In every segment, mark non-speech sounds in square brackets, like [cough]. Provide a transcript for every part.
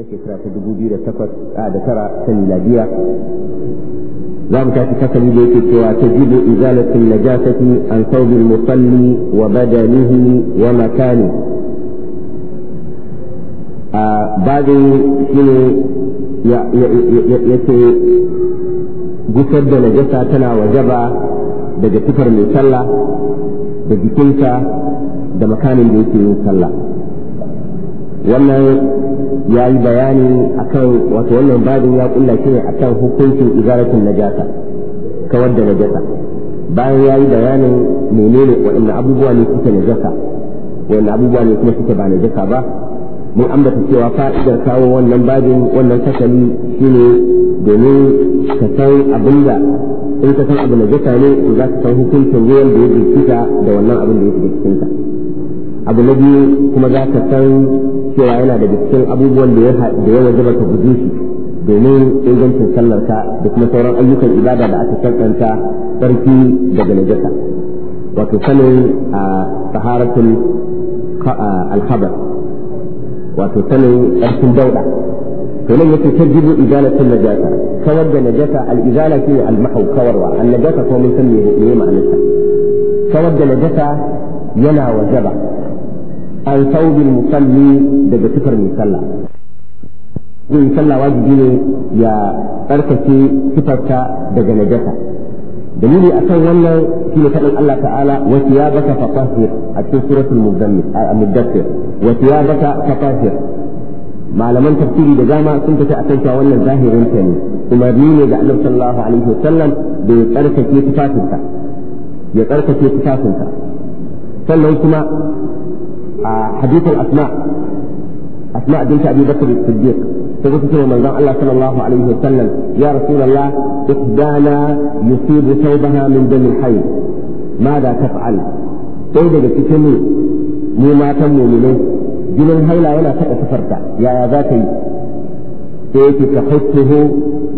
nake shekara ta dubu biyu da takwas a da tara ta miladiya za mu tafi kasali da yake cewa ta jibu izalatin najasati an saubin musalli wa badanihi wa makani a babin shi ne ya ce gusar da najasa tana wajaba daga tufar mai sallah da jikinta da makamin da yake yin sallah wannan ya yi bayani a kan wato wannan babin ya kulla shi ne kan hukuncin na najasa kawar da najasa bayan ya yi bayanin menene waɗanda abubuwa ne suke najasa waɗanda abubuwa ne kuma suke ba najasa ba mun ambata cewa fa'idar kawo wannan babin wannan kasali ne domin ka san abin da in ka san abu najasa ne to za ka san hukuncin ruwan da ya jikita da wannan abin da ya jikinta abu na biyu kuma za ka san cewa yana daga cikin abubuwan da ya da ya wajaba ka guje shi domin ingancin sallarka da kuma sauran ayyukan ibada da aka kankanta sarki daga najasa wato sanin taharatul alhabar wato sanin ƙarfin dauda to nan yake tarjibu izalatul najasa kawar da najasa al-izala shine al-mahaw kawarwa an najasa ko mun san me ne ma'anarsa kawar da najasa yana wajaba an saubin musalli daga tufar mai sallah yin sallah wajibi ne ya tsarkake tufarta daga najasa dalili akan wannan shine fadin Allah ta'ala wa thiyabaka fatahhir a cikin suratul muzammil al-muddathir wa thiyabaka fatahhir malaman tafsiri da dama sun fita akan cewa wannan zahirin ta ne umarni ne ga allah sallallahu alaihi wasallam da ya tsarkake tufafinsa ya tsarkake tufafinsa sannan kuma حديث الأسماء أسماء بنت أبي بكر الصديق تقول من قال الله صلى الله عليه وسلم يا رسول الله إحدانا يصيب ثوبها من دم الحي ماذا تفعل؟ سيدة تكلمي مو ما تمو منه jinin haila yana taɓa sufarta yaya za ta yi sai yake ta huttuhu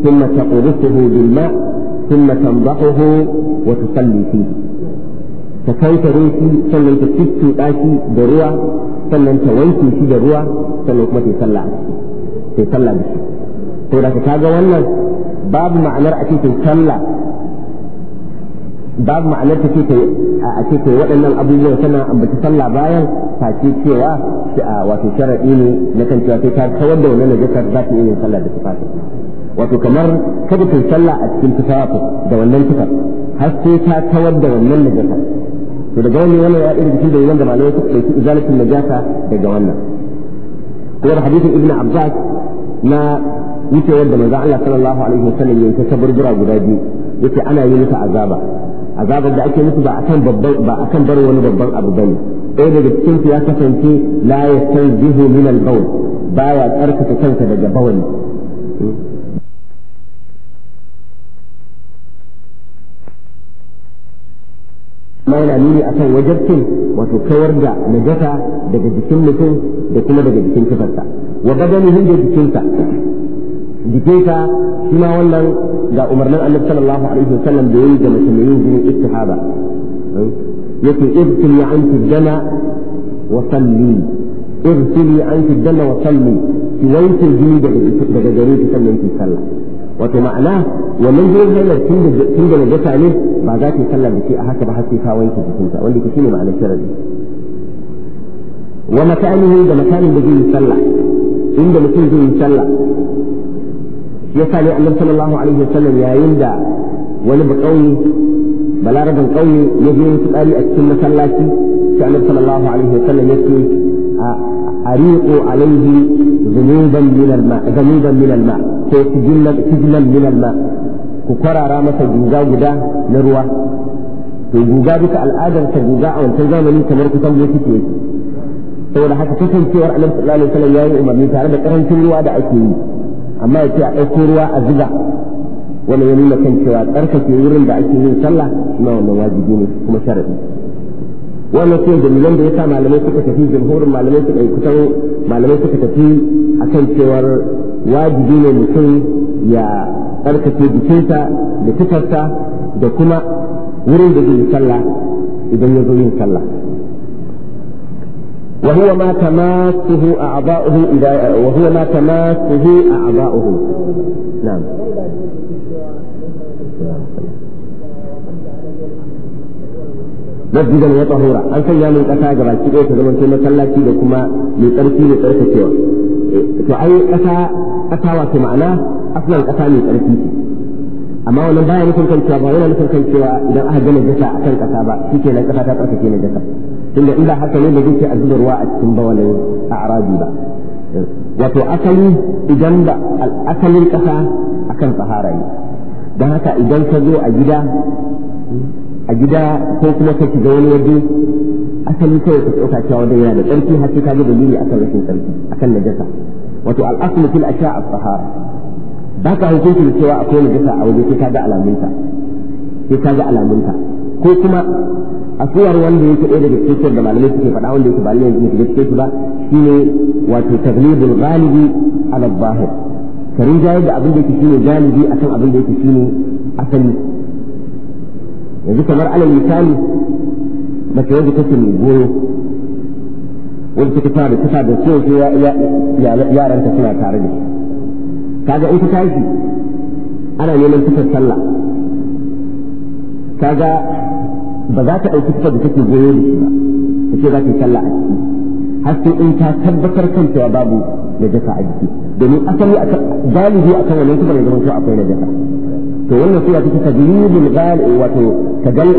thumma taqrusuhu bil ma thumma tanbahuhu wa tusalli fihi ta kankare shi sannan ta tuttuɗa shi da ruwa sannan ta wanke shi da ruwa sannan kuma ta sallah ta sallah da shi to da ka ga wannan babu ma'anar a cikin sallah babu ma'anar ta ce a ce waɗannan abubuwan tana ambaci sallah bayan ta face cewa wato sharaɗi ne na kan cewa sai ta kawar da wannan najasar za ta iya sallah da tufafi wato kamar kada ta sallah a cikin tufafi da wannan tufar har sai ta kawar da wannan najasar to daga wannan wannan ya irin da wanda malamai suka dauki izalatul najasa daga wannan kuma da hadisin ibnu abbas na wuce wanda manzo Allah sallallahu alaihi wasallam ya ta burbura guda biyu yake ana yi masa azaba azabar da ake musu ba akan babban ba akan bar wani babban abu bane ɗaya daga cikin ya kasance la yastanzihu min al-bawl baya tsarkake kanka daga bawali ma yana nuni akan wajabcin wato kawar da najasa daga jikin mutum da kuma daga jikin tufarsa wa badanihin da jikinsa jikinsa shi ma wannan ga umarnin annabi sallallahu alaihi wasallam da yayi ga mace mai yin jinin istihaba yake irtili anki dama wa salli irtili anki dama wa salli ki wanke jini daga gare ki sannan ki sallah wato ma'ana wannan jinin hailar tun da najasa ne ba za ta yi sallar da ke a haka ba har sai ka wanke jikinta wanda ke shine ma'anar sharadi wa makanihi da makanin da zai yi sallah inda mutum zai yi sallah shi yasa ne annabi sallallahu alaihi wasallam yayin da wani bakauye balarabin kauye ya je yin tsari a cikin masallaci sai annabi sallallahu alaihi wasallam ya ce أريق عليه ذنوبا من الماء ذنوبا من الماء سجلا سجلا من ma. ku kwarara masa guga guda na ruwa to guga duka al'adar ta guga a wancan zamani kamar kusan ne suke yi saboda haka kasancewar annabi sallallahu alaihi wasallam yayi umarni tare da karancin ruwa da ake yi amma ya a ɗauko ruwa a zuba wannan ya nuna kan cewa tsarkake wurin da ake yin sallah kuma wannan wajibi ne kuma sharadi wannan sai da dalilan da yasa malamai suka tafi jamhurin malamai suka kusan malamai suka tafi akan cewar wajibi ne mutum ya tsarkake jikinsa da tufarsa da kuma wurin da zai sallah idan ya zo yin sallah وهو ما تماسه أعضاؤه إذا وهو ما تماسه أعضاؤه نعم masjidan ya tsahura an sanya min kasa ga baki ɗaya ta zamanto masallaci da kuma mai tsarki mai tsarkakewa eh, to ma'ana aslan kasa mai tsarki ce amma wannan baya nufin kan cewa ba yana nufin kan cewa idan aka gane jasa a kan kasa ba shi kenan kasa ta tsarkake na jasa haka ne da zai a zuba ruwa a cikin bawalin a arabi ba wato asali idan da asalin kasa akan sahara ne don haka idan ka zo a gida a gida ko kuma ka shiga wani waje asali ka cewa yana da tsarki har sai ka ga dalili akan rashin tsarki akan najasa wato al'aslu fil asha as-sahara ba ka da cewa akwai najasa a waje sai ka ga alamunta sai ka ga alamunta ko kuma a suwar wanda yake ɗaya daga cikin da malamai suke faɗa wanda yake ba ne yake da cikin ba shine wato taglibul ghalibi ala zahir karin jayar da abin da yake shine galibi akan abin da yake shine asali yanzu kamar alal misali mace wanda take mai goro wanda take fara ta da cewa yaranta suna tare da shi kaga in ka tashi ana neman sifar sallah kaga ba za ta ɗauki sifar da take goyo da shi ba ta ce za ta yi sallah a ciki har sai in ta tabbatar kanta ya babu najasa a jiki domin asali a galibi a kan wannan sifar ya zama cewa akwai najasa to wannan sura take tajlidul ghalib wato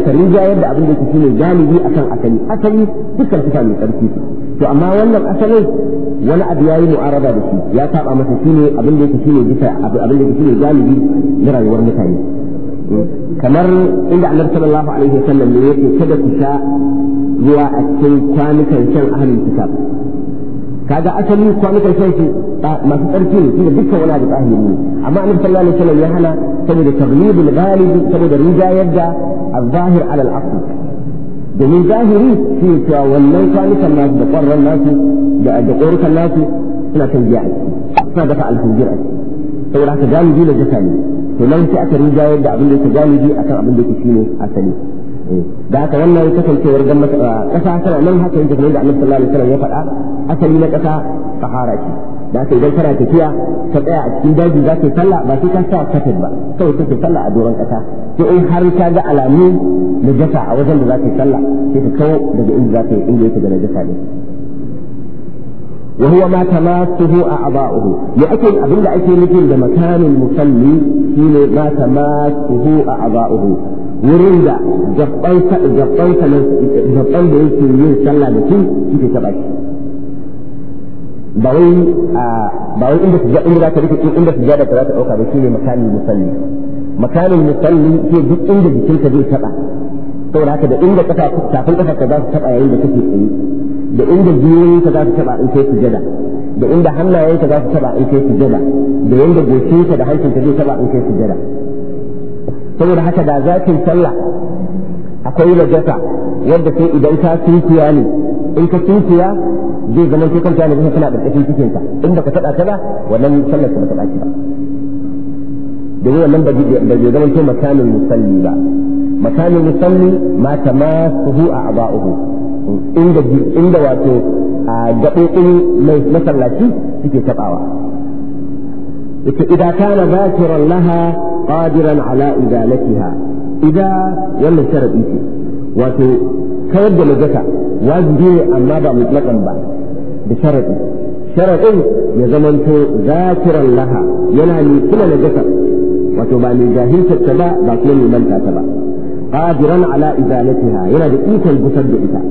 tarinja yadda abin da yake shine galibi akan asali asali dukkan sifa mai tsarki to amma wannan asalin wani abu yayi mu'arada da shi ya saba masa shine abin da yake shine bisa abin da yake shine galibi na rayuwar mutane kamar inda annabi sallallahu alaihi wasallam ne yake kada ku sha ruwa a cikin kwanukan shan ahlul kitab kaga asali kwanukan shan shi masu tsarki ne shine dukkan wani abu tsahiri ne amma annabi sallallahu alaihi wasallam ya hana saboda taglibul galibi saboda rijayar da al-zahir ala al-asl domin zahiri shi ne cewa wannan kwanukan nasu da ƙwarran nasu da da ƙorukan nasu suna kan giya suna dafa alfujir a saboda haka galibi na jaka ne to nan sai aka rinjayar da abin da yake galibi akan abin da yake shine asali eh, da haka wannan kasancewar gan ƙasa tana nan haka yake kamar da Annabi sallallahu alaihi wasallam ya faɗa asali na ƙasa sahara ce da haka idan kana tafiya ka tsaya a cikin daji za ka yi sallah ba sai ka sa kafin ba kawai kake sallah a doron ƙasa sai in har ka ga alamu na jasa a wajen da za ka sallah sai ka kawo daga inda za ka yi inda yake da najasa ne وهو ما تماسه أعضاؤه لأكل أبن أكل مثل مكان المصلي حين ما تماسه أعضاؤه wurin da jabban da yake yin sallah da shi shi ke ba wai ba wai inda sujada inda zaka rike inda sujada ka zaka dauka ba shine makanin musalli makanin musalli ke duk inda jikinka zai taba saboda haka da inda kafa tafin kafa ka za su taba yayin da kake tsaye da inda jiyoyin ka za su taba in kai sujada da inda hannayen ka za su taba in kai sujada da yanda goshin ka da hancin ka zai taba in kai sujada saboda haka da zakin sallah akwai najasa yadda sai idan ka sunkuya ne in ka tunkiya zai zama ke kanta ne kana karkashin cikin ka inda baka tada ta ba wannan sallar ka bata dace ba domin wannan ba zai zama ke makamin musalli ba makamin musalli ma tamasuhu a aba'uhu inda inda wato a gaɓoɓin mai masallaci suke taɓawa Ita idan kana zakiran laha qadiran ala idalatiha idan wannan sharadi ce wato kawar da lugata wajibi ne amma ba mutlaƙan ba da sharaɗi sharaɗin ya zamanto zakiran laha yana ne kula na jasar wato ba mai jahiltar ta ba ba kuma mai manta ta ba qadiran ala izalatiha yana da ikon gusar da ita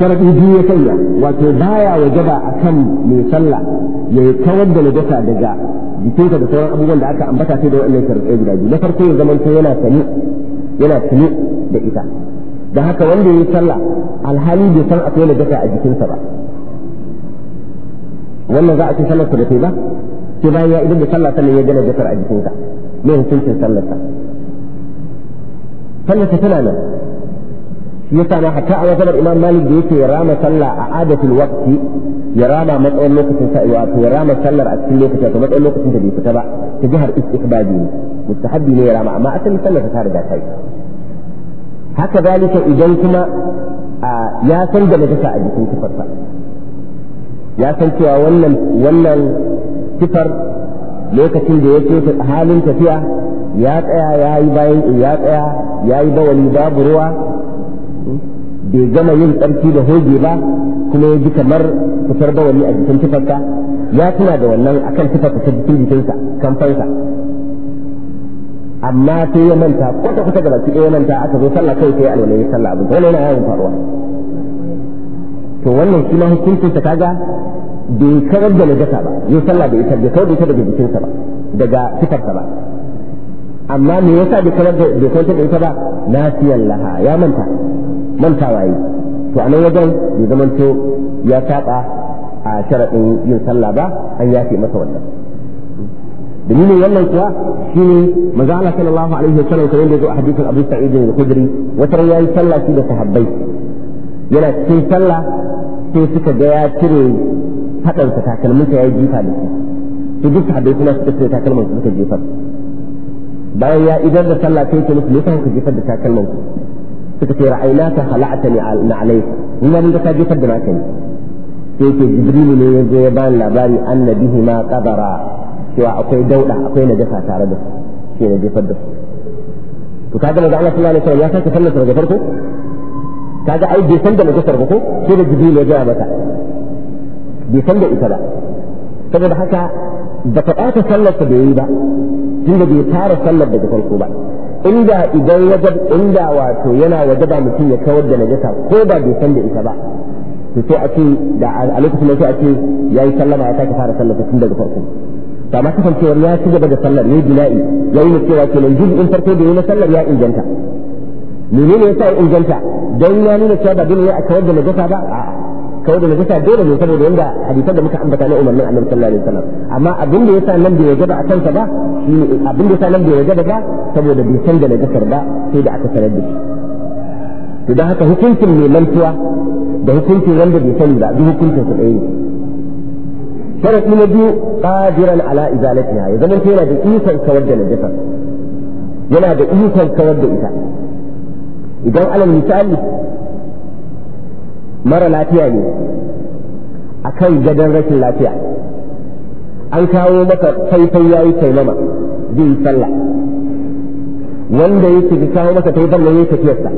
sharaɗi biyu ya sanya wato baya wajaba akan mai sallah ya kawar da najasa daga jikinsa da sauran abubuwan da aka ambata sai da wannan sharaɗai guda biyu na farko ya zamanto yana sani yana sani da ita da haka wanda ya yi sallah alhali bai san akwai najasa a jikinsa ba wannan za a ce sallarsa da kai ba sai bayan ya idan da sallah sannan ya ga najasar a jikinsa me hukuncin sallarsa sallarsa tana nan shi yasa na hatta a wajen imam malik da yake rama sallah a adatul waqti ya rama matsayin lokacin sa wato ya rama sallar a cikin lokacin to matsayin lokacin da bai fita ba ta jihar istihbabi ne mustahabbi ne ya rama amma asalin sallar ta riga ta yi haka zalika idan kuma ya san da najasa a jikin tufarsa ya san cewa wannan wannan lokacin da yake halin tafiya ya tsaya ya yi bayan ya tsaya ya yi bawani babu ruwa bai gama yin tsarki da hoge ba kuma ya ji kamar fitar bawani a jikin tufarsa ya tuna da wannan akan tufar ta jikinsa kamfansa amma sai ya manta kwata kwata da baki ya manta aka zo sallah kai sai alwala ya sallah abin wannan yana yawan faruwa to wannan shi ma hukuncin ta kaga bai karar da najasa ba ya sallah bai ita bai kawar da ita daga jikinsa ba daga fitarsa ba amma me yasa bai karar da bai kawar da ita ba nasiyan laha ya manta manta waye to a nan wajen ya zamanto ya saba a sharaɗin yin sallah ba an yafe masa wannan dalilin wannan kuwa shine manzo Allah sallallahu alaihi wasallam kamar da zo a hadisin Abu Sa'id al-Khudri wata ran yayi sallah shi da sahabbai yana cikin sallah sai suka ga ya cire hadar sa takalmin sa yayi jifa da shi to duk sahabbai kuma suka cire takalmin su suka jefa bayan ya idan da sallah sai ke musu yasa kuka jefar da takalmin ku suka ce ra'aynaka hala'tani na alayka mun ga mun ga ka jefar da naka ne sai ke jibrilu ne ya zo ya bani labari annabihima qadara cewa akwai dauda akwai najasa tare da su shi ne jefar da su to kaga manzo Allah sallallahu alaihi wasallam ya sake sallar daga farko kaga ai bai san da najasar ba ko sai da jibril ya gaya mata bai san da ita ba saboda haka da ba ta sallar ta bai yi ba tunda bai fara sallar daga farko ba inda idan wajab inda wato yana wajaba mutum ya kawar da najasa ko ba bai san da ita ba to sai a ce da a lokacin da sai a ce yayi sallama ya sake fara sallar tun daga farko ba ma kasancewar ya ci gaba da sallar ne bila'i ya yi cewa kenan in farko da yi na sallar ya inganta menene yasa ya inganta don ya nuna cewa ba dole ne a kawar da najasa ba kawar da najasa dole ne saboda yanda hadisan da muka ambata na umarnin annabi sallallahu alaihi wasallam amma abin da yasa nan bai gaba a kansa ba shine abin da yasa nan bai gaba ba saboda bai san da najasar ba sai da aka sanar da shi to dan haka hukuncin mai mantuwa da hukuncin wanda bai sani ba duk hukuncin su ɗaya ne sharaɗi na biyu qadiran ala izalatiha ya zama yana da ikon kawar da najasa yana da ikon kawar da ita idan alal misali mara lafiya ne akan gadon rashin lafiya an kawo masa faifai yayi taimama bin sallah wanda yake ki kawo masa taifan nan yake tafiyarsa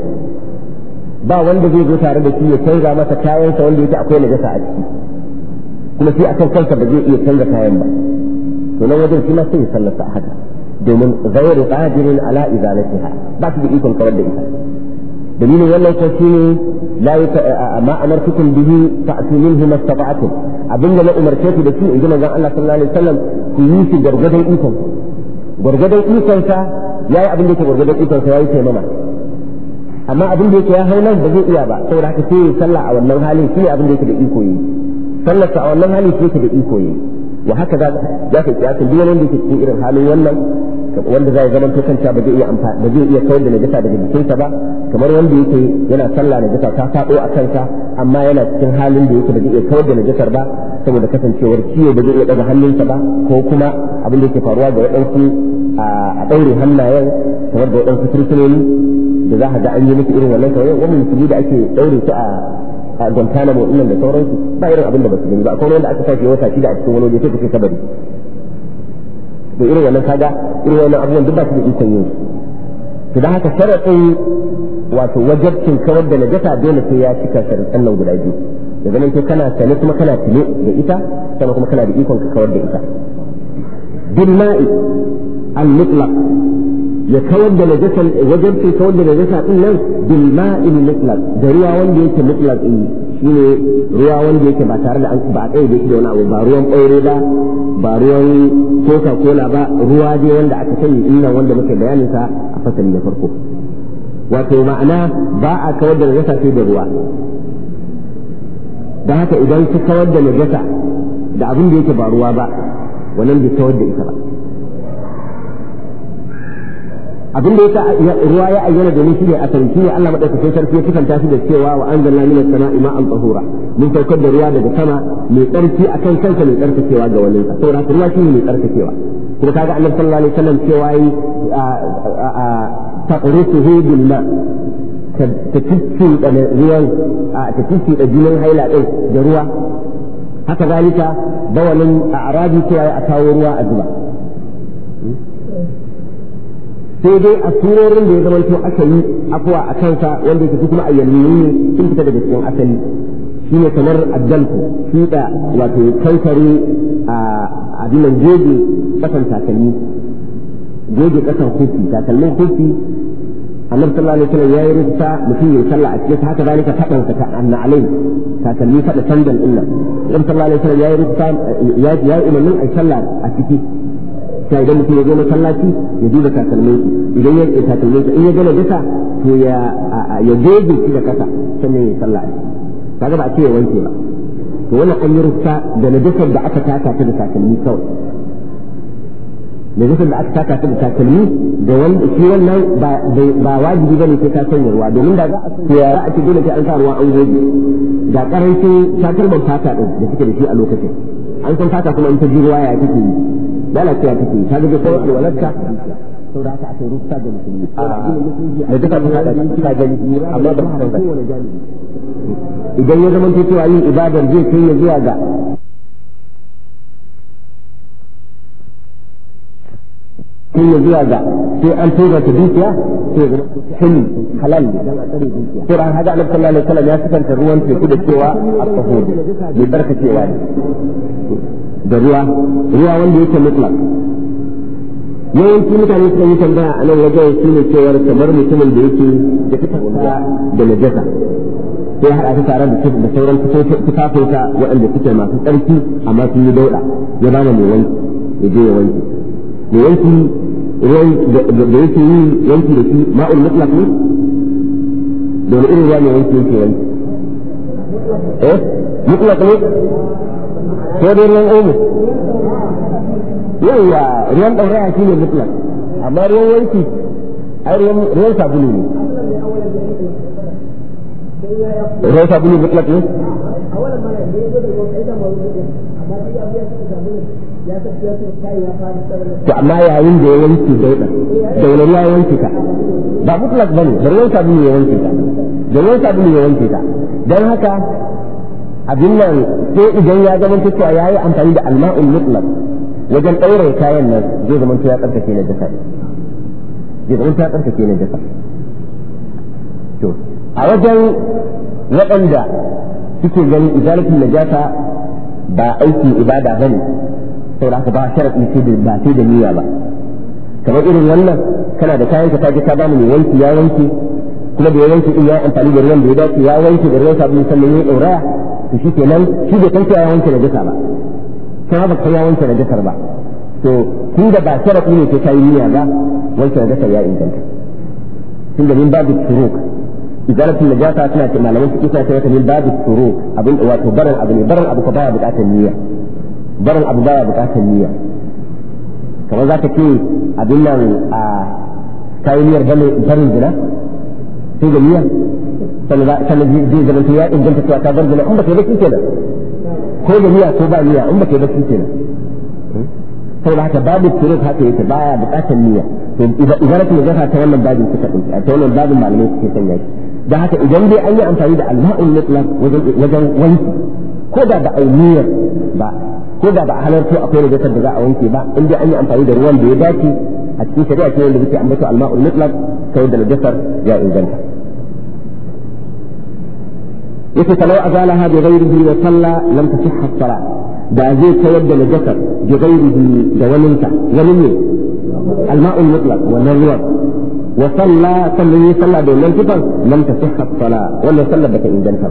ba wanda zai zo tare da shi ya canza masa kayansa wanda yake akwai najasa a ciki kuma sai akan kansa ba zai iya canza kayan ba to nan wajen shi ma sai ya sallata a haka domin ghairu qadirin ala izalatiha ba su da ikon kawar da ita dalilin wannan ko shine la ma amartukum bihi fa'tu minhu mastata'tum abin da na umarce ku da su in ji manzon Allah sallallahu alaihi wasallam ku yi shi gargadan ikon gargadan ikon sa yayi abin da yake gargadan ikon sa yayi sai mana amma abin da yake ya hau nan ba zai iya ba saboda haka sai ya sallah a wannan halin shine abin da yake da iko yi sallarsa a wannan hali sai ka da iko yi wa haka za ka kiyasin duk wanda yake cikin irin halin wannan wanda zai zama to kanta ba zai iya amfa ba zai iya kawar da najasa daga jikinsa ba kamar wanda yake yana sallah najasa ta fado a kansa amma yana cikin halin da yake ba zai iya kawar da najasar ba saboda kasancewar ciwo ba zai iya daga hannunsa ba ko kuma abin da yake faruwa ga waɗansu a daure hannayen kamar da waɗansu turtunoni da za ka ga an yi musu irin wannan kawai wannan musulmi da ake daure su a a Guantanamo ɗin da sauransu ba irin abin da ba su gani ba akwai wanda aka sashi wata shida a cikin wani waje sai kace kabari to irin wannan kaga irin wannan abubuwan duk ba su da ikon yin to dan haka sharaɗin wato wajabcin kawar da najasa dole sai ya cika sharaɗin nan guda biyu daga nan sai kana sane kuma kana tune da ita sama kuma kana da ikon ka kawar da ita bil ma'i al-mutlaq ya kawar da najasa wajen ce kawar da najasa din nan bil ma'il mutlaq da ruwa wanda yake mutlaq din shine ruwa wanda yake ba tare da an ba kai da yake da wani abu ba ruwan aure ba ba ruwan coca cola ba ruwa dai wanda aka sani din nan wanda muke bayanin sa a fasali na farko wato ma'ana ba a kawar da najasa sai da ruwa da haka idan ka kawar da najasa da abin da yake ba ruwa ba wannan bai kawar da ita ba abin da yasa ruwa ya ayyana domin shi ne asali shi ne Allah madaukakin sarki ya kusanta shi da cewa wa anzalna minas sama'i ma'an tahura mun saukar da ruwa daga sama mai tsarki akan kanka mai cewa ga wani ka saboda ruwa shi ne mai cewa kuma kaga annabi sallallahu alaihi wasallam cewa yi taqrisuhu bil ma ta cikin da ruwan ta cikin da jinin haila din da ruwa haka zalika bawalin a'rabi cewa a kawo ruwa a zuba sai dai a surorin da ya zama to aka yi afuwa a kansa wanda yake kuma a yanni ne sun fita daga cikin asali shi shine kamar addalku shi da wato kankare a abinan goge kasan takalmi goge kasan kufi takalmin kufi annabi sallallahu alaihi wasallam yi rubuta mutum ya sallah a cikin ta haka zalika fadan ka anna alai ta kalli fada sandan illa annabi sallallahu alaihi wasallam yayi rubuta ya ya umarnin a sallah a ciki ta idan mutum ya zo masallaci ya duba takalmin idan ya yi takalmin in ya gane duka to ya ya goge shi da kasa sannan ya sallah kaga ba a ce ya wanke ba to wannan an yi rufta da najasar da aka taka ta da takalmi kawai najasar da aka taka ta da takalmi da wanda shi wannan ba wajibi bane sai ta sanya ruwa domin da za a ya za a ce dole sai an sa ruwa an goge da karancin takalman fata din da suke da shi a lokacin an san fata kuma in ta ji ruwa ya kike yi lalacewa take ta aka ga musulmi ah. da hada ta gani amma ba idan ya zama cewa yin ibadar zai kai ya zuwa ga kai ya zuwa ga sai an tura ta dukiya sai zama halal ne dan a dukiya ya sukanta ruwan teku da cewa a sahud barka cewa. ne da ruwa ruwa wanda yake mutlak yawanci mutane suka yi tambaya a nan wajen shi ne cewar kamar mutumin da yake da fitarwa da najasa sai haɗa ta tare da sauran tufafinsa waɗanda suke masu tsarki amma sun yi dauɗa ya ba mai wanki ya je ya wanki mai wanki da yake yi wanki da shi ma'ul mutlak ne da wani irin ruwa mai wanki yake wanki eh mutlak ne ko dai ruwan omo yawwa ruwan ɗauraya shi ne mutlak amma ruwan wanki ai ruwan sabulu ne ruwan sabulu mutlak ne to amma yayin da ya wanke dauda da wani ya wanke ta ba mutlak bane da ruwan sabulu ya wanke ta da ruwan sabulu ya wanke ta don haka abin nan sai idan ya zama cewa ya yi amfani da alma'un mutlaq wajen daure kayan nan zai zama ya ke na jasa zai zama ya ke na jasa to a wajen waɗanda suke ganin izalatul najasa ba aiki ibada bane sai haka ba sharadi sai da ba sai da niyya ba kamar irin wannan kana da kayan ka ta ji ka ba mu wanki ya wanke kuma da ya wanke din ya amfani da ruwan da ya dace ya wanke da ruwan sabon sannan ya ɗauraya to shi nan shi bai san cewa ya wanke najasa ba kuma ba kai ya wanke najasar ba to tun da ba sharaɗi ne sai ka yi niyya ba wanke najasar ya inganta tun da min babu turuk idaratul najasa suna ce malaman suke suna ce min babu turuk abin wato barin abu ne barin abu ka baya buƙatar niyya barin abu baya buƙatar niyya kamar za ka ce abin nan a kayan niyyar barin zina sai da niyya تلجيز da ya inganta cewa ta zargina in baka yi baki kenan ko da niyya ko ba niyya in baka yi baki kenan saboda haka babu turuk haka yake baya bukatar niyya to idan ka zaka ta wannan babin suka dauki ta wannan babin malamai suke sanya shi da haka idan dai an yi amfani da alma'ul mutlaq wajen wajen wanki ko da ba a niyyar ba ko da ba a halarta akwai rubutun da za a wanke ba in dai an yi amfani da ruwan da ya dace a cikin shari'a ce wanda yake ambato alma'ul mutlaq sai da najasar ya inganta يكتب لو أزالها بغيره وصلى لم تصح الصلاة بأزيد تودى لجسر بغيره دولنك ولمي الماء المطلق ونظر وصلى صلي صلى بين الجبر لم تصح الصلاة ولا صلى بك إن جنسر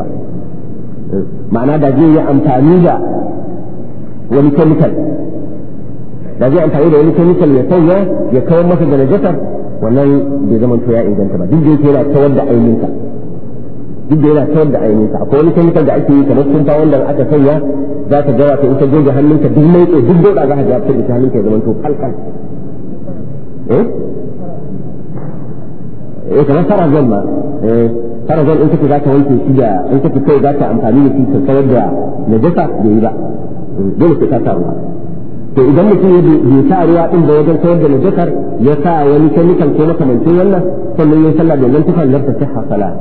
معنى ده جي يأمتانيها ومكمكل ده جي أمتانيها ومكمكل يتوى يكون مفيد لجسر ولن بزمن فيها إن جنسر دي جي تودى أي منك جدا إلى كان دعيني تعقول كان كان دعيتي كان أصلا طاولا أتى فيا ذات جرى في أنت جوجها منك دمي جدا على هذا جاب في الجهة منك إذا منتوب حلقا إيه إيه كان صار جمع صار جمع أنت كذا كان أنت سيا أنت كذا كذا كان ثاني في سكوت جا نجسا جيلا جل في كثرة فإذا مثل يدي يسعى رواق إن بوجه الكورد لجسر يسعى ونكمي كان كونك من سيولا ثم يسلى بأن تفعل لرسة صحة صلاة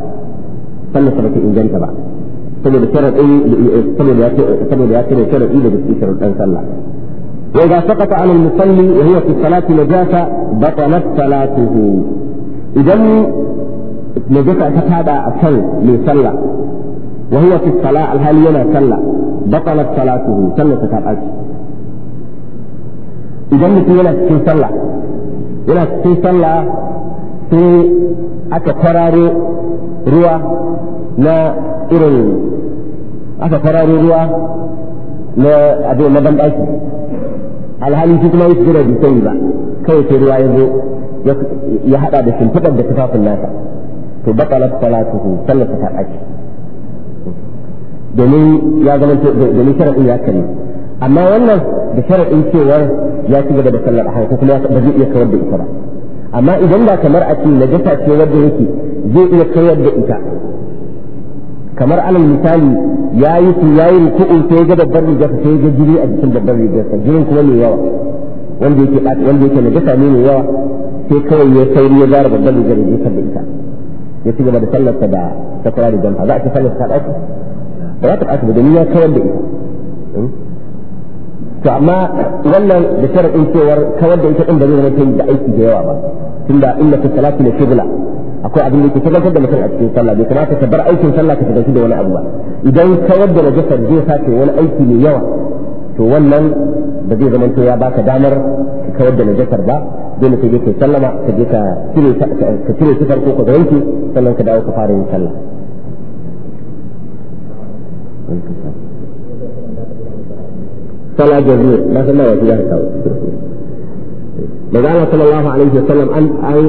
sallar sa bata inganta ba saboda sharaɗi saboda ya saboda ya cire sharaɗi daga sharaɗin sallah idan mutum yana cikin sallah yana cikin sallah sai aka kwararo ruwa na irin aka fararo ruwa na abu na banɗaki alhali shi kuma yi sujjada da sani ba kawai sai ruwa ya zo ya haɗa da shimfiɗar da tufafin nasa to bakalat su sallata ta ɓaci domin ya zama domin sharaɗin ya kare amma wannan da sharaɗin cewar ya ci gaba da sallar a ko kuma ba zai iya kawar da ita ba amma idan ba kamar a ce najasa ce wadda yake zai iya kayar da ita kamar alal misali ya yi su ya yi ruku'u sai ga babbar rigarsa sai ga jini a jikin babbar rigarsa jinin kuma mai yawa wanda yake wanda yake najasa ne mai yawa sai kawai ya sauri ya zara babbar rigar ya kan da ita ya ci gaba da sallarsa da sakura da jama'a za a ci sallarsa ta ɗauka ba za ta ɗauka ba domin ya kawar da ita to amma wannan da sharaɗin cewar kawar da ita ɗin ba zai zama da aiki da yawa ba tunda inna fi salati la qibla akwai abin da ke tabbatar da mutum a cikin sallah bai kamata ka bar aikin sallah ka shiga da wani abu ba idan kawar da najasar zai sace wani aiki mai yawa to wannan ba zai zama ya baka damar ka kawar da najasar ba dole ka je ka sallama ka je ka cire ka cire ko ka wanke sannan ka dawo ka fara yin sallah na جزيرة ما سمى وجهها سوى. ماذا الله صلى alaihi عليه وسلم sallam an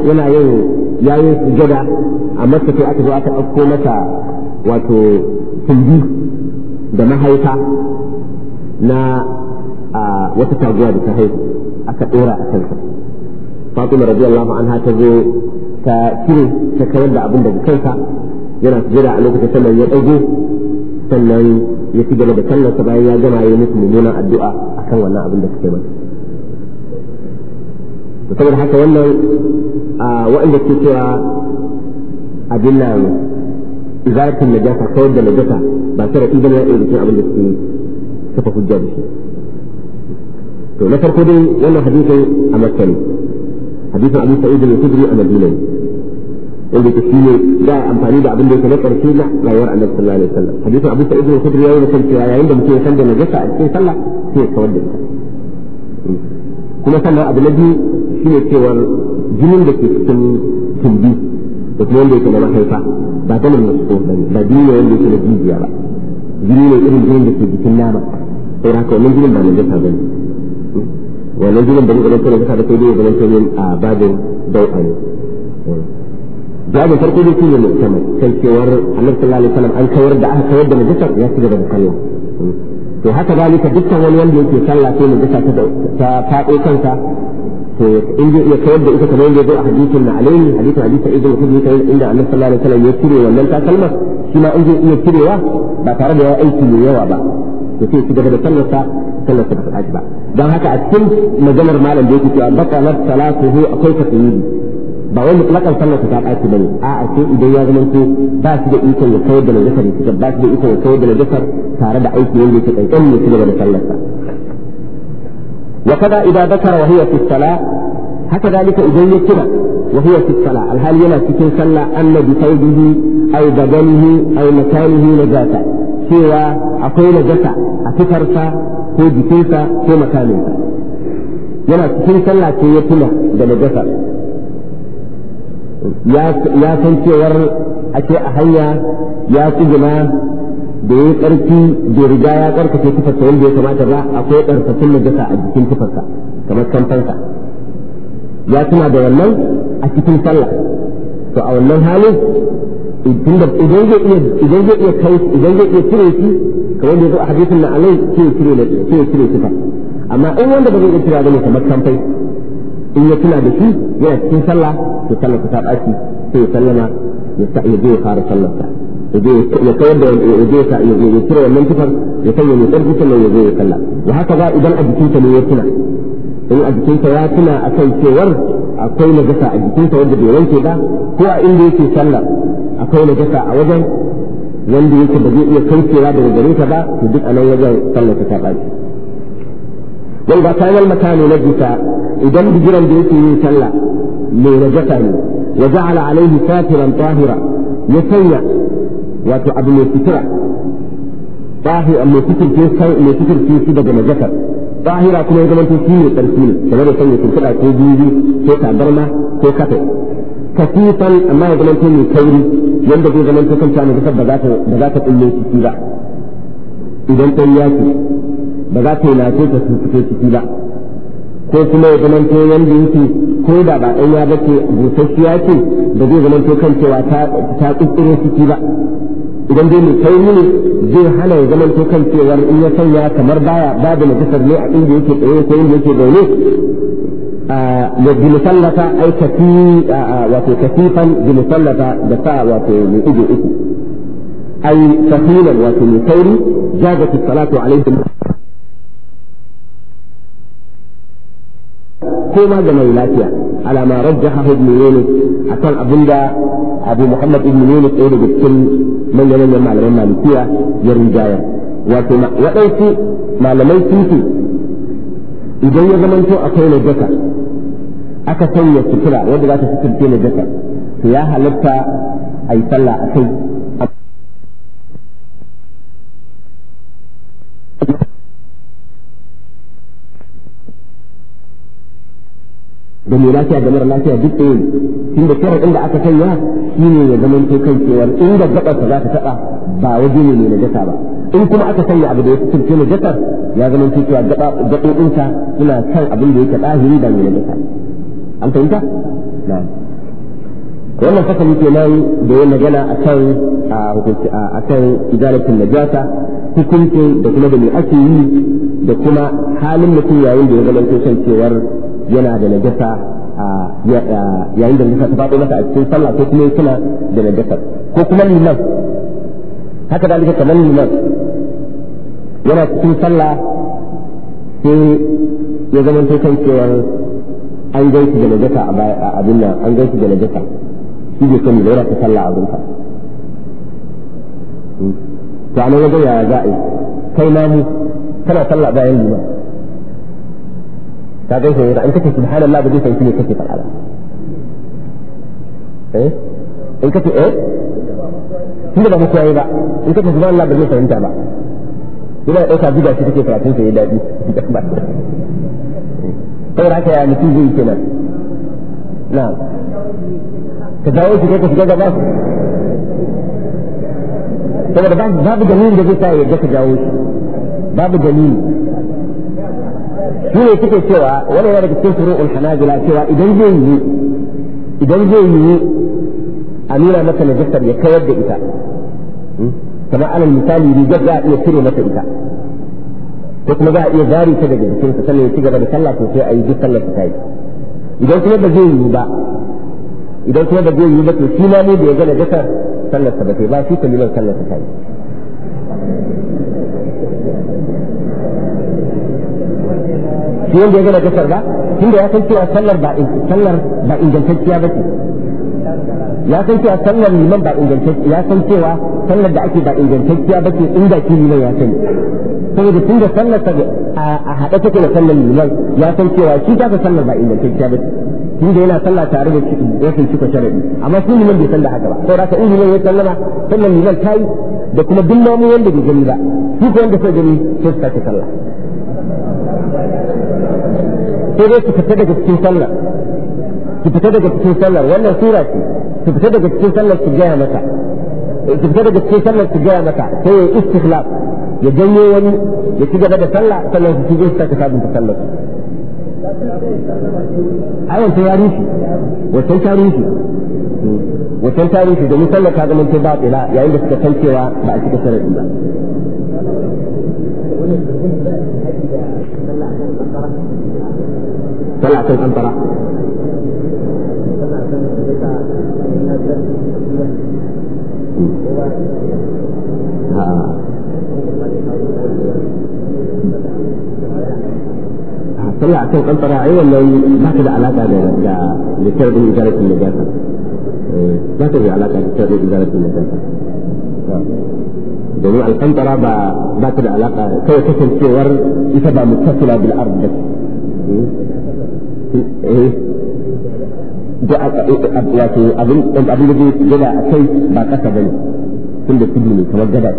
yana yin. ya yi sujada a masa sai aka zo aka ɗauko masa wato sulbi da mahaifa na wata taguwa da ta haihu aka ɗora a kansa fatima radiyallahu anha ta zo ta cire ta kawar da abin daga kansa yana sujada a lokacin sallar ya ɗago sannan ya ci gaba da sallarsa bayan ya gama ya musu mummunan addu'a kan wannan abin da suke masa saboda haka wannan A waɗanda ke cewa abin na izaratin najasa kawai da najasa ba tare da na irin abin da suke kafa hujja da shi to na farko dai wannan hadisin a makka ne hadisin abu sa'id al-khudri a madina ne inda ke shine da amfani da abin da yake na karshe na rayuwar annabi sallallahu alaihi wasallam hadisin abu sa'id al-khudri yayin da san cewa yayin da mutum ya san da najasa a cikin sallah sai ya kawar da ita kuma sannan abu na biyu shine cewar jinin da ke cikin tumbi da kuma wanda yake na mahaifa ba ganin na cikin bane ba jini ne wanda yake na jijiya ba jini ne irin jinin da ke jikin nama sai haka wannan jinin ba na jasa ba ne wannan jinin ba ne ganin kawai jasa da kai dai ganin kawai a babin dau'a ne jawabin farko dai shine mu'tamar kan cewar annabi sallallahu alaihi wasallam an kawar da aka kawar da najasa ya ci gaba da sallah to haka zalika dukkan wani wanda yake sallah sai najasa ta faɗo kansa in ya kawar da ita kamar yadda zai a hadisin na alaihi hadisin hadisin ibn hujji inda annabi sallallahu alaihi wasallam ya cire wannan takalmar shi ma in zai iya cirewa ba tare da ya aiki mai yawa ba to sai ci gaba da sallarsa sallarsa ba ta ba don haka a cikin maganar malam da yake cewa baqalat salatuhu akwai tafsiri ba wai mutlakan sallarsa ta ɓaci bane a'a sai idan ya zama ko ba shi da ikon ya kawar da najasar ba shi da ikon ya kawar da najasar tare da aiki wanda yake kankan ne ci gaba da sallarsa وكذا إذا ذكر وهي في الصلاة هكذلك إذا يكره وهي في الصلاة الهال ينا تكون صلى أن بثوبه أو بدنه أو مكانه نجاسة سوى أقول نجاسة أتفرسة ko jikinsa ko makaminsa yana cikin sallah ce ya tuna da najasa ya san cewar a ce a hanya ya tsuguna da ya ƙarfi da riga ya karkace tufarsa wanda ya kamata ba akwai karfafin najasa a jikin tufarsa kamar kamfansa ya tuna da wannan a cikin sallah to a wannan halin tunda idan zai iya idan zai iya kai idan zai iya cire shi kamar da ya zo a hadisin na alai ke cire na ke cire tufa amma in wanda ba zai iya cire ne kamar kamfai in ya tuna da shi yana cikin sallah to sallah ta ɓaci sai ya sallama ya je ya fara sa ya kawar da ya sa ya cire wannan tufar ya sanya mai tsarki sannan ya zo ya sallah wa haka ba idan a jikinsa ya tuna in a jikinsa ya tuna a kan cewar akwai najasa a jikinsa wanda bai wanke ba ko a inda yake sallah akwai najasa a wajen wanda yake ba zai iya kaucewa daga gare ta ba to duk a nan wajen sallar ta taɓa shi. wal ba kayan makani na jita idan bigiran da yake yin sallah mai najasa ne wa ja'ala alaihi satiran tahira ya sanya wato abu mai fitira zahira mai fitirce sai mai fitirce su daga najasa bahira kuma ya zama to shi ne tsarki ne kamar da sanya shimfiɗa ko biyu ko tabarma ko kafe kasifan amma ya zama to mai kauri yanda zai zama to kanta najasar ba za ta ba za ta kulle shi ba idan ta yaki ba za ta yi nace ta su fito ciki ba ko kuma ya zama to yanda yake ko da ba ɗan ya bace busasshiya ce da zai zama to kan cewa ta ta kuskure ciki ba idan dai mai kauri ne zai hana ya zama to kan cewar in ya sanya kamar baya babu najasar ne a inda yake tsaye ko inda yake zaune da bimusallata ai kafi wato kafifan bimusallata da sa wato mai ido uku ai safinan wato mai kauri jagatu salatu alaihi ko ma ga mai lafiya alama rajjaha ibn yunus akan abinda abu muhammad ibn yunus ɗaya daga cikin manya-manyan malaman malikiya ya rinjaya wato waɗansu malamai sufi idan ya zamanto akwai najasa aka sanya sutura wanda za ta suturce najasa to ya halatta a sallah a kai da mai lafiya da mara lafiya duk ɗaya tun da sharaɗin da aka sanya shi ne ya zama to kan cewar inda gaɓarsa za ta taɓa ba waje ne mai najasa ba in kuma aka sanya abu da ya fitirce najasar ya zama to cewa gaɓoɓinsa suna kan abin da yake ɗahiri da mai najasa an fahimta na'am wannan fasali nan da ya magana akan akan na najasa hukuncin da kuma da me ake yi da kuma halin mutum yayin da ya zama kan cewar yana da najasa yayin da najasa ta faɗo masa a cikin sallah ko kuma yana da najasa ko kuma liman haka da dalika kamar liman yana cikin sallah sai ya zama kan cewar an gaisu da najasa a abin nan an gaisu da najasa shi ke son zaura ta sallah a gunka to anan wajen yaya za a yi kai mu kana sallah bayan lima ka gaisa yana in kake subhanallah ba zai san shi ne kake faɗa eh in kace eh tun da ba mutuwa yi ba in kace subhanallah ba zai fahimta ba yana ɗauka gida shi take karatun sa ya daɗi [laughs] saboda raka ya mutum zai kenan na'am ka dawo shi ka shiga gaba saboda babu dalilin da zai sa ya ka jawo shi babu dalili shi ne suke cewa wani yana daga cikin furu'ul hanabila cewa idan zai yi idan zai yi a nuna masa najasar ya kawar da ita hmm? kamar alal misali rigar za a iya cire masa ita ko kuma za a iya zari ta daga jikinsa sannan ci gaba da sallah to a yi duk idan kuma ba zai yi ba idan kuma ba zai yi ba to shi ma ne da ya gana gasar sallar sa ba sai ba shi kalilan sallar sa kai shi wanda ya gana gasar ba tunda ya san cewa sallar ba sallar ba ingantacciya ba ce ya san cewa sallar liman ba ingantacciya ya san cewa sallar da ake ba ingantacciya ba ce inda ke liman ya sani saboda tun da sallar a haɗe take da sallar liman ya san cewa shi ta sallar ba ingantacciya ba Tun tunda yana sallah tare da ciki ya kai cika sharadi amma shi liman bai san da haka ba da haka in liman ya sallama sallar liman ta yi da kuma duk mamu wanda bai gani ba shi ko wanda sai gani sai su sake sallah sai dai su fita daga cikin sallar. ki fita daga cikin sallar wannan sura ce ki fita daga cikin sallar ki gaya mata eh, ki fita daga cikin sallar ki gaya mata sai ya istikhlaf ya janyo wani ya ci gaba da sallah sallar su cikin ta sabunta sallar ai wancan ya rushe wancan ta rushe hmm. wancan ta rushe domin sallar ta zama ta batila yayin da suka san cewa ba a cika sharadin ba sallah kan antara sai a kan kantara ai wannan ba da alaka da da eh, ba ta da alaka da litar din ijaratun najasa domin alkantara ba ba ta da alaka kawai kasancewar ita ba mutasila bil eh, eh. da wato abin da zai a kai ba kasa bane tun da tudu ne kamar gada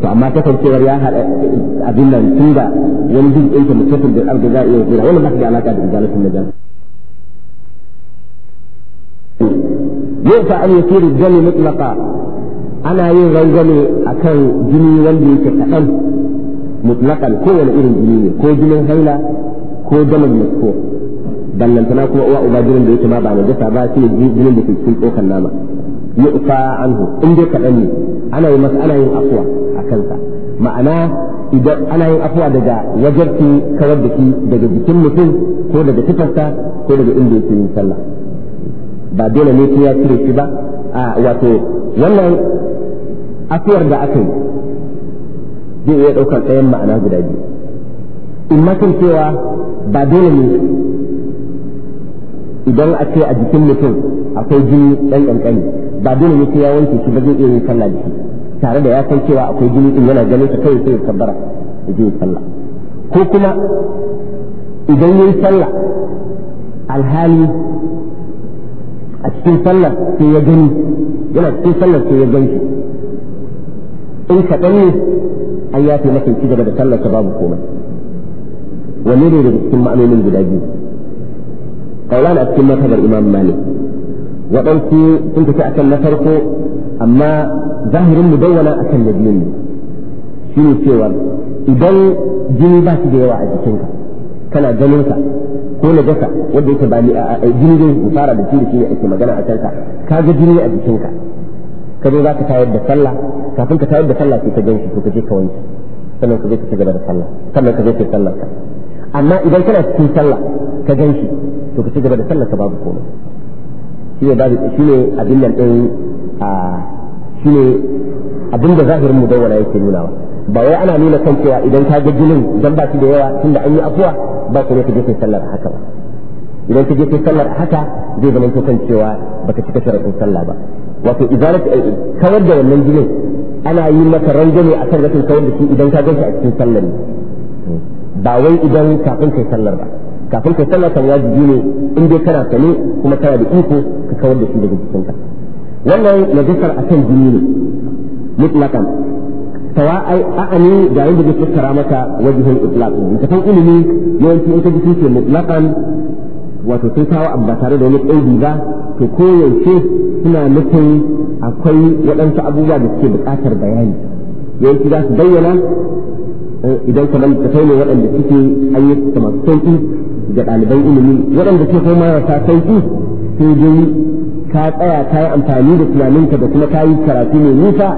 to amma kasancewar ya haɗa abin nan tun da wani bin ɗinka mutum da arga za a iya zira wani ba da alaƙa da ijalatun na jami'a yau fa an yi da jami mutlaka ana yin rangwame a kan jini wanda yake kaɗan mutlakan kowane irin jini ne ko jinin haila ko jamal mutko ballantana kuma uwa uba da yake ma ba na ta ba sai jinin da ke cikin tsokan nama yu'fa anhu in dai kaɗan ne ana yi masa ana yin afuwa a kansa ma'ana idan ana yin afuwa daga wajarki kawar da ki daga jikin mutum ko daga tufarsa ko daga inda yake yin sallah ba dole ne ki ya cire shi ba a wato wannan afuwar da aka yi zai iya ɗaukar ɗayan ma'ana guda biyu in ma kan cewa ba dole ne idan a ce a jikin mutum akwai jini ɗan ƙanƙani ba dole ne sai ya wanke shi ba zai iya yin sallah da shi tare da ya san cewa akwai jini din yana ganin sa kai sai ya kabbara ya je sallah ko kuma idan yayin sallah alhali a cikin sallah sai ya gani yana cikin sallah sai ya gani in kaɗan ne an ya fi maka ci da sallar ka babu komai wanne ne daga cikin ma'anonin guda biyu kaulan a cikin matabar imam malik waɗansu sun tafi akan na farko amma zahirin mudawwana akan na biyun shi ne cewa idan jini ba su da yawa a jikinka kana ganin ka ko na gasa wanda yake ba ni a jini zai mu fara da shi ne ake magana a kanka ka ga jini a jikinka ka zo za ka tayar da sallah kafin ka tayar da sallah sai ka gan shi to ka je ka wanke sannan ka zo ka ci gaba da sallah sannan ka je ka sallah amma idan kana cikin sallah ka gan shi to ka ci gaba da sallah ka babu komai shine babu shine abin nan din a shine abin da zahirin mudawwala yake nunawa ba wai ana nuna kan cewa idan ka ga jinin dan ba shi da yawa tunda an yi afuwa ba ku ne ka je kai sallar haka ba idan ka je kai sallar haka zai zama to cewa cewa baka cika sharadin sallah ba wato izalat eh, kawar da wannan jinin ana yi maka rangane a kan rashin kawar da shi idan ka gan shi a cikin sallar ba wai idan kafin kai sallar ba kafin ka sallah kan wajibi ne in dai kana sane kuma kana da iko ka kawar da shi daga jikinka wannan najasar akan jini ne mutlaqan sawa ai a'ani da yanda kake kara maka wajhul itlaq in ka san ilimi yawanci in ka ji ce mutlaqan wato sai kawo abu ba tare da wani ɗan ba to koyaushe suna nufin akwai waɗansu abubuwa da suke buƙatar bayani yawanci za su bayyana eh, idan kamar da kai ne waɗanda suke an masu sauƙi ga ɗaliban ilimi waɗanda ke kuma marasa sauƙi sai dai ka tsaya ka yi amfani da tunaninka da kuma ka yi karatu mai nisa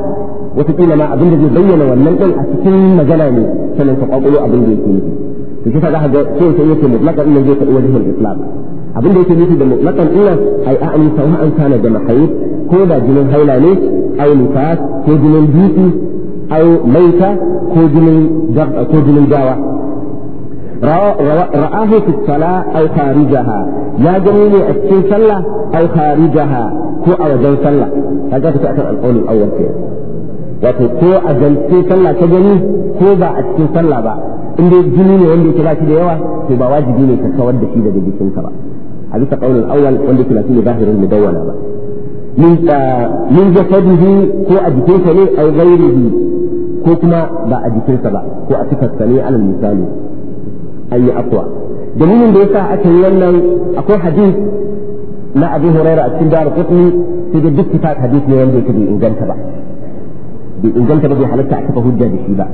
wataƙila ma abin da zai bayyana wannan ɗin a cikin magana ne sannan ka ƙwaƙwalo abin da yake nufi to kisa za ga sai sai yake mutlaqan inda zai faɗi wajen islam abin da yake nufi da mutlaqan ina ai a'ani sawa an kana da mahayi ko da jinin haila ne ai nifas ko jinin bisi ai maita ko jinin ko jinin gawa Ra'ahu رآه في الصلاة أو خارجها يا جميل أتين صلى أو خارجها كو أو جن صلى ta تتأثر القول الأول فيه wato ko a jalce sallah ta gani ko ba a cikin sallah ba inda jini ne wanda yake baki da yawa to ba wajibi ne ka kawar da shi daga jikinka ba a bisa qaulul awwal wanda yake lafiya zahirin mudawwala ba min min jasadihi ko a jikinsa ne au ghairihi ko kuma ba a jikinsa ba ko a cikin sani alal misali an yi akwa dalilin da yasa aka yi wannan akwai hadith na abu huraira a cikin dar qutni sai da duk kitab hadith ne wanda yake bai inganta ba bai inganta ba bai halatta a kafa hujja da shi ba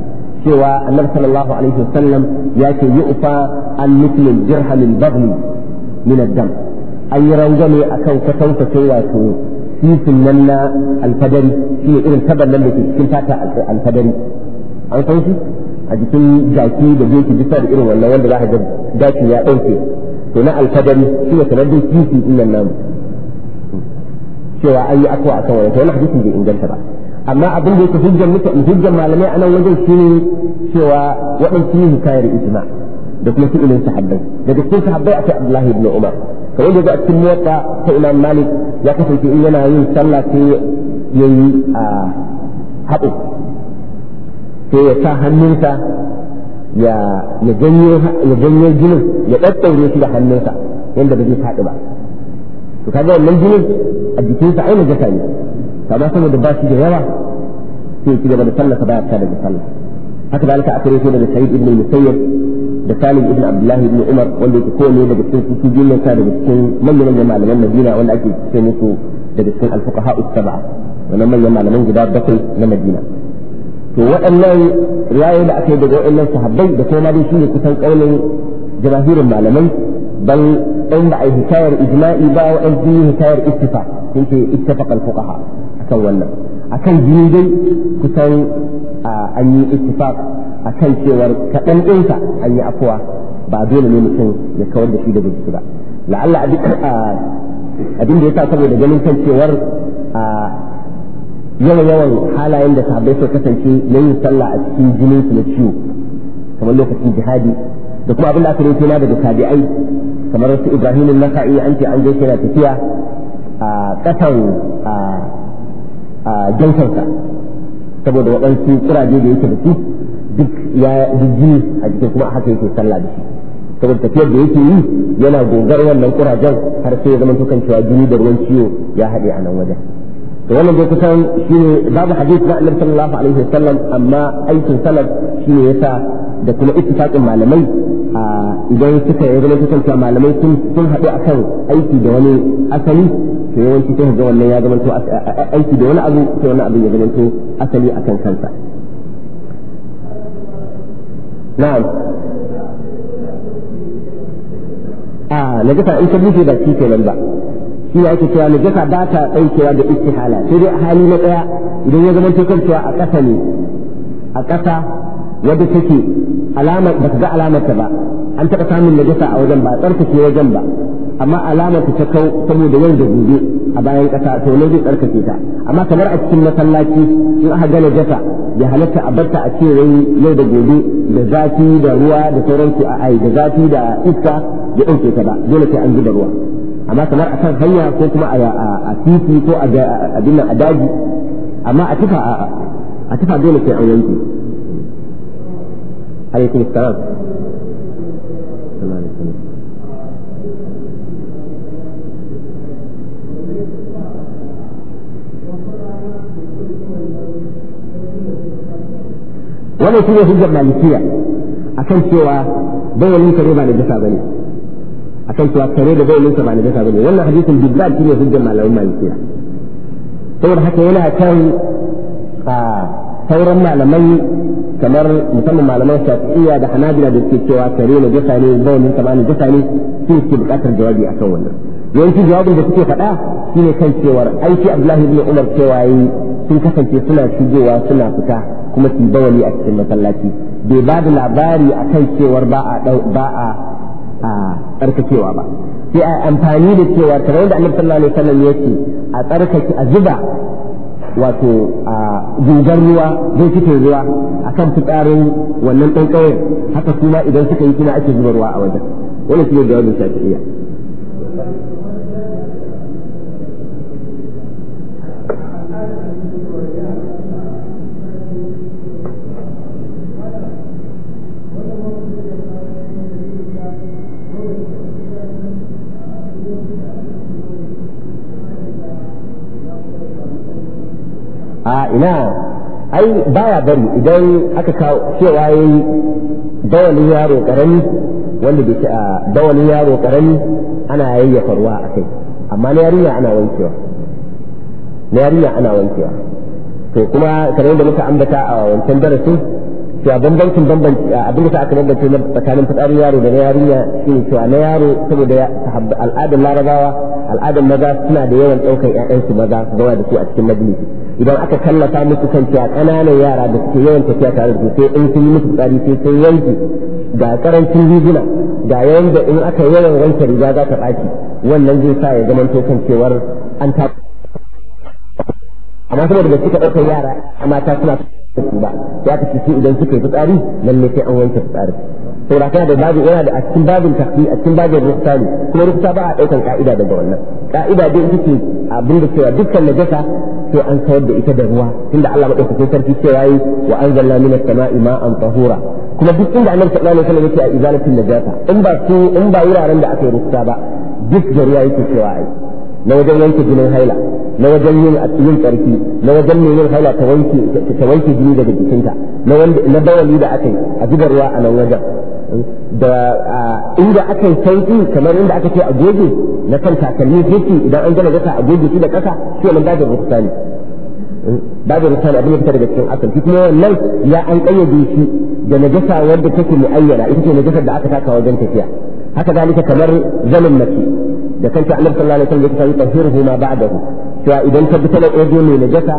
cewa annabi sallallahu alaihi wasallam ya ce yu'fa an mithli dirham al min ad-dam an yi rangwame akan kwatanta sai wato sisin nan na alfadari shi ne irin taban nan da ke cikin fata alfadari an san shi a jikin jaki da zai bisa da irin wannan wanda za ka ga daki ya ɗauke to na alfadari shi ne sanadin kifi din nan namu cewa an yi akwa akan wannan to wannan hadisin bai inganta ba amma abin da yake hujjan muka hujjan malamai a nan wajen shi ne cewa waɗansu yi hikayar ijma da kuma ilin sahabbai daga cikin sahabbai akwai Abdullahi ibn Umar kamar da a cikin muwatta ta Imam Malik ya kasance in yana yin sallah sai yayi a ah, haɓu sai ya sa hannunsa ya janyo jinin ya ɗaɗɗaure shi da hannunsa yadda ba zai faɗi ba to kaga wannan jinin a jikinsa ai najasa ne kama saboda da shi da yawa sai ya ci gaba da sallah ba ya fita daga sallah haka zalika aka rito daga Sa'id ibn Musayyib da Salim ibn Abdullah ibn Umar wanda yake kowane daga cikin su biyun nan daga cikin manyan manyan malaman Madina wanda ake ce musu daga cikin al-fuqaha us-sab'a wannan manyan malaman guda bakwai na Madina to waɗannan riwayoyi da aka yi daga waɗannan sahabbai da kuma dai shine kusan kaulin jamahirin malamai ban in ba a yi hikayar ijma'i ba waɗansu sun yi hikayar ittifaq sun ce ittifaq al-fuqaha akan wannan akan jini dai kusan an yi a akan cewar kaɗan ɗinsa an yi afuwa ba dole ne mutum ya kawar da shi daga jiki ba la'alla abin da ya sa saboda ganin kan cewar yawan yawan halayen da sahabbai suka kasance na yi sallah a cikin jinin su na ciwo kamar lokacin jihadi da kuma abin da aka rinke na daga tabi'ai kamar su Ibrahim na nasai an ce an gaishe na tafiya a kasan a jansansa saboda waɗansu kuraje da yake da su duk ya jijji a cikin kuma haka yake sallah da shi saboda tafiyar da yake yi yana gogar wannan kurajen har sai ya zama kan cewa jini da ruwan ciwo ya haɗe a nan wajen da wannan dai kusan shine babu hadith na annabi sallallahu alaihi wasallam amma aikin salaf shine yasa da kuma ittifaqin malamai idan suka yi zama kusan malamai sun sun haɗu akan aiki da wani asali to yawanci sai ga wannan ya zama to aiki da wani abu sai wani abu ya zama to asali akan kansa na'am a na gasa in ka bushe shi kenan ba shi ake cewa najasa ba ta ɗaukewa da istihala sai dai hali na ɗaya idan ya zama cikin cewa a ƙasa ne a ƙasa wadda take alama ba ga alamar ta ba an taɓa samun najasa a wajen ba a tsarkake wajen ba amma alamar ta kau saboda yau da gobe a bayan ƙasa to ne zai tsarkake ta amma kamar a cikin masallaci in aka ga najasa ya halatta a barta a ce wai yau da gobe da zafi da ruwa da sauransu a ai da zafi da iska ya ɗauke ta ba dole sai an zuba ruwa amma kamar kan hanya ko kuma a titi ko a abin a daji amma a tufa a tufa dole sai an yanke alaikum assalam wannan shi ne hujjar malikiya kan cewa bayanin kare ba da jasa bane akan cewa kare da zai ninka ba na jasa bane wannan hadisin bizzat shine hujjar malamin malikiya saboda haka yana kan a sauran malamai kamar musamman malaman shafi'iyya da hanabila da suke cewa kare na jasa ne zai ninka ba na jasa ne sun suke bukatar jawabi akan wannan Yawancin jawabin da suke faɗa shine kan cewar aiki abdullahi ibn umar cewa yi sun kasance suna shigowa suna fita kuma su bawali a cikin masallaci bai ba da labari akan cewar ba a a tsarkakewa ba sai a amfani da cewa kamar yadda annabi sallallahu alaihi wasallam a tsarkake a zuba wato a gingar ruwa zai fitin ruwa akan fitarin wannan ɗan ƙauyen haka kuma idan suka yi kina ake zuba ruwa a wajen wannan shi ne wajen shafi'iyya na ai baya bari idan aka kawo cewa yayi dawalin yaro karami wanda bai ci a dawalin yaro karami ana yayyafa ruwa a kai amma na yarinya ana wankewa na yarinya ana wankewa to kuma kamar yadda muka ambata a wancan darasin a bambancin bambanci abin da aka bambance na tsakanin fitsarin yaro da na yarinya ne cewa na yaro saboda al'adar larabawa al'adar maza suna da yawan ɗaukar 'ya'yansu maza su da su a cikin majalisi idan aka kallata musu kan cewa ƙananan yara da suke yawan tafiya tare da sai in sun yi musu tsari sai sun yanki ga karancin riguna ga yawan da in aka yawan wanke riga za ta ɓaci wannan zai sa ya to kan cewar an ta amma saboda da suka ɗaukar yara mata suna su ba ya ta idan suka yi fitsari lalle sai an wanke fitsari saboda kana da babu yana da a cikin babin tafi a cikin babin rufta ne kuma rufta ba a ɗaukar ka'ida daga wannan ka'ida dai ita ce abin da cewa dukkan najasa sai an kawar da ita da ruwa tunda Allah madaukakin sarki cewa yi wa an anzalna minas sama'i ma'an tahura kuma duk inda annabi sallallahu alaihi wasallam yake a izalatin najasa in ba su in ba wuraren da aka yi rufta ba duk da ruwa yake cewa ai na wajen yanke jinin haila na wajen yin yin tsarki na wajen mai yin haila ta wanke ta jini daga jikinta na wanda da aka yi a zubarwa a nan wajen da inda aka yi sauki kamar inda aka ce a goge na kan takalmi fifty idan an gama gasa a goge shi da ƙasa shi wannan babin rukusani babin rukusani abin da fita daga cikin asal shi kuma wannan ya an ƙayyade shi da najasa wanda take mu'ayyana ita ce najasar da aka taka wajen tafiya haka dalika kamar zanin mace da kanta annabi sallallahu alaihi wasallam ya tafi tahiruhu ma ba'dahu cewa idan ta bi ta waje mai najasa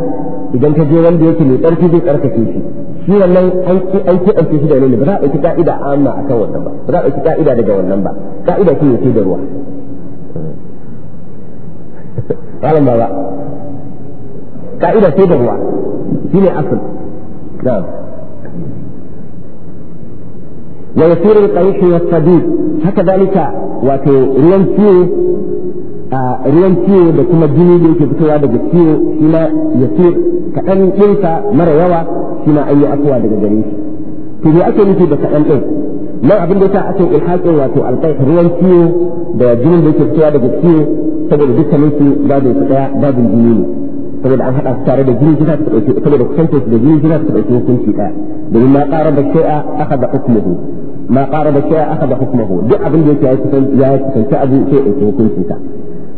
idan ta je wanda yake mai tsarki zai tsarkake shi shi wannan an ki an ki ɗauke shi da ne ba za a ɗauki ka'ida amma a kan wannan ba ba za a ɗauki ka'ida daga wannan ba ka'ida shi ne sai da ruwa ƙalan ba ba ka'ida sai da ruwa shi ne asal na'am wa yasiru al-qayhi was-sadid haka dalika wato ruwan ciwo a ruwan ciwo da kuma jini da yake fitowa daga ciwo shi ma ya ce kaɗan ɗinsa mara yawa shi ma an yi afuwa daga gare shi to me ake nufi da kaɗan ɗin nan abin da yasa ake ilhaƙin wato alƙai ruwan ciwo da jinin da yake fitowa daga ciwo saboda dukkanin su babu su ɗaya babu jini ne saboda an haɗa su tare da jini kina ta ɗauke saboda kusantar su da jini kina ta ɗauke hukunci ɗaya domin ma ƙara da shai'a aka da hukumuhu ma ƙara da shai'a aka da hukumuhu duk abin da ya yake ya kusanci abin sai ɗauke hukuncinsa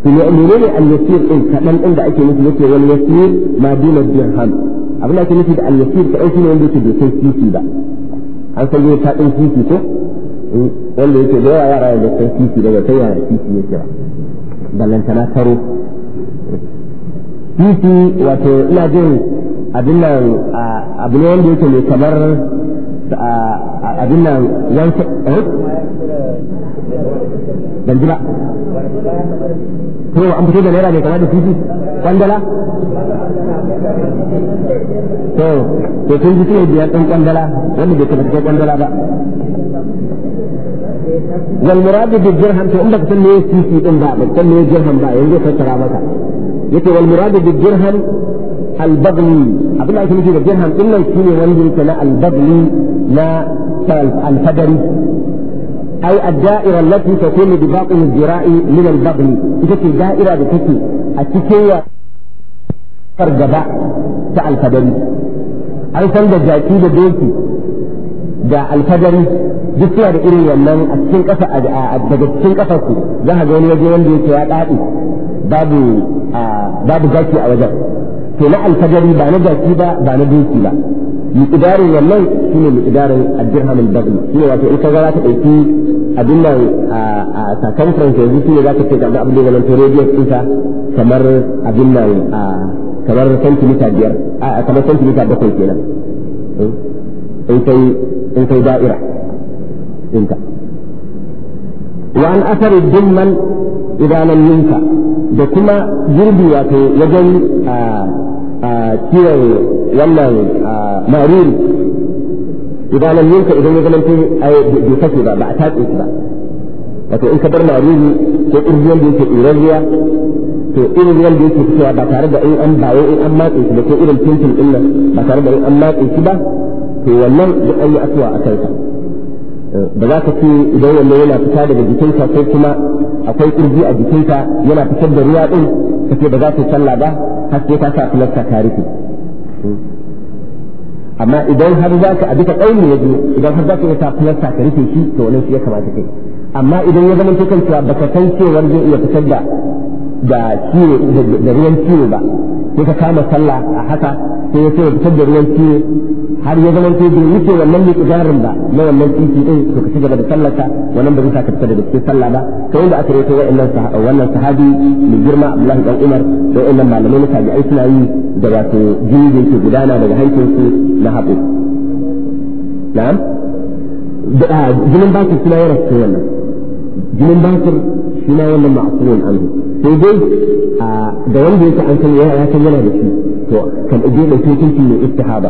menene al-yasir din kadan din da ake nufi yake wal yasir ma dina dirham abin da ake nufi da al-yasir kadan shine wanda yake bai kai ba an san yau ta din sisi ko eh, wanda yake da yawa yara da kai sisi daga kai yara sisi yake ba ballantana wato ina jin abin nan abin wanda yake mai kamar abin nan eh? to an fito da naira mai kama da titi kwandala to to kun ji sai biyar dan kwandala wanda bai kuma cikin kwandala ba wal muradu bil dirham to inda kun ne me titi din ba ba kun ne dirham ba yanzu ka tara maka yace wal muradu bil dirham al bagli abin da ake nufi da dirham din nan shine wanda yake na al bagli na al fadari ai أي الدائرة التي تكون بباطن الذراع من البطن تكي دائرة بتكي أتكي فرجباء تاع الفدري أي سند جاكي دوكي دا الفدري جسيا da irin wannan a cikin kasa daga cikin kasar ku za ka ga wani wanda yake ya dadi babu babu zaki a wajen to na alfajari ba na jaki ba ba na doki ba miqdarin wannan shine miqdarin ad addirhamin al-badl shine wato in ka ga ta dauki abin nan a circumference yanzu shine zaka ce ga abin da wannan radius ɗinka kamar abin nan kamar santimita biyar kamar sentimita bakwai kenan hmm? in kai in kai da'ira ɗinka وعن أثر الدمن إذا لم da kuma girbi wato wajen يجل آآ wannan maruri idan lam yunka idan ya zamanto ai bai kace ba ba a tatse shi ba wato in ka bar maruri ko irgiyan da yake irgiya to irin ruwan da yake fitowa ba tare da in an bawo in an matse shi ba ko irin tintin din nan ba tare da in an matse shi ba to wannan da an yi asuwa a ka. ba za ka ce idan wanda yana fita daga jikinka ko kuma akwai kirji a jikinka yana fitar da ruwa din ka ce ba za ka sallah ba har sai ka sa fularka ta rufe amma idan har za ka a bisa ƙauni ya je idan har za ka iya kuma ta ka rufe shi to wannan shi ya kamata kai amma idan ya zama cikin cewa baka san cewar zai iya fitar da da ciwo da ruwan ciwo ba sai ka kama sallah a haka sai ya ya fitar da ruwan ciwo har ya zama sai bai wuce wannan ne idarin ba na wannan titi din to ka cigaba da sallarka wannan ba zai saka fita daga cikin sallah ba to inda aka rawaito wa'annan wannan sahabi mai girma Abdullahi dan Umar da wa'annan malamai na tabi'ai suna yi da wato jini da yake gudana daga hancin su na haɓo na'am jinin bakin suna yana cikin wannan jinin bakin suna wannan ma'asirin sai dai da wanda yake an san ya san yana da shi to kan ɗauke ɗauke kinki ne istihaba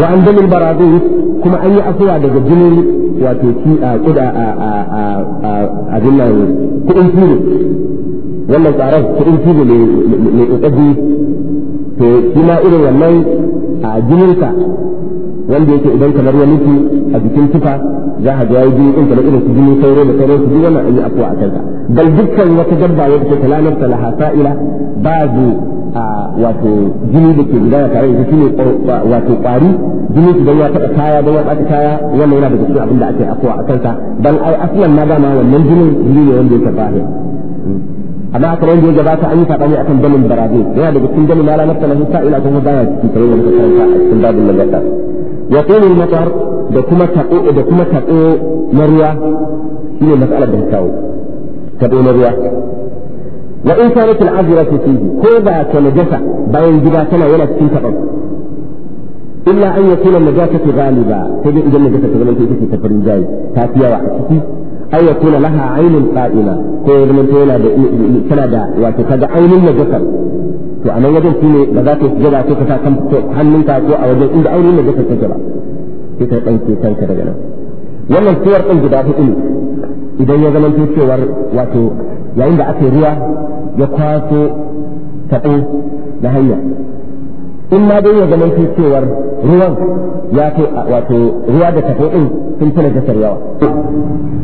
wa an dalil barazu kuma an yi afuwa daga jinin wato ki a kuda a a a abin ku in fili wannan tsaron kudin fili ne tsadi to shi ma irin wannan a jininsa wanda yake idan kamar ya mutu a jikin tufa za a ga jini in kamar irin su jini sauro da sauran su duk wannan an yi afuwa a kansa bal dukkan wata dabba wadda ta lanar ta lahasa'ila ba a wato jini da ke gudana tare da shi ne wato kwari jini da ya taɓa kaya da ya ɓata kaya wannan yana daga cikin abin da ake afuwa a kansa dan ai aslan ma dama wannan jini jini ne wanda ya taɓa ne amma kamar yadda ya gabata an yi saɓani akan damin barabe yana daga cikin damin lala nafsa lahu sa'ila kuma baya cikin kare wani kasanta a cikin babin nazarta ya kuma matar da kuma taɓo da kuma taɓo na ruwa shine mas'alar da ta kawo taɓo na ruwa wa in kanat al-azratu fihi ko da ta najasa bayan gida tana yana cikin taɓa illa an yakuna najasatu ghaliba sai dai idan najasa ta zama ta take ta farin jayi ta fi yawa a ciki أو يكون لها عين قائمة da من تولى كندا وتكاد عين النجسة to a nan wajen shi ne ba za ta jira ko ka sa kan hannunka ko a wajen inda aure ne ka jira sai ka ɗauke kanka daga nan wannan suwar ɗin guda hudu ne idan ya zama cewar wato yayin da aka ruwa ya kwaso taɓo na hanya in ma dai ya zama cewar ruwan ya ce wato ruwa da taɓo ɗin sun fi najasar yawa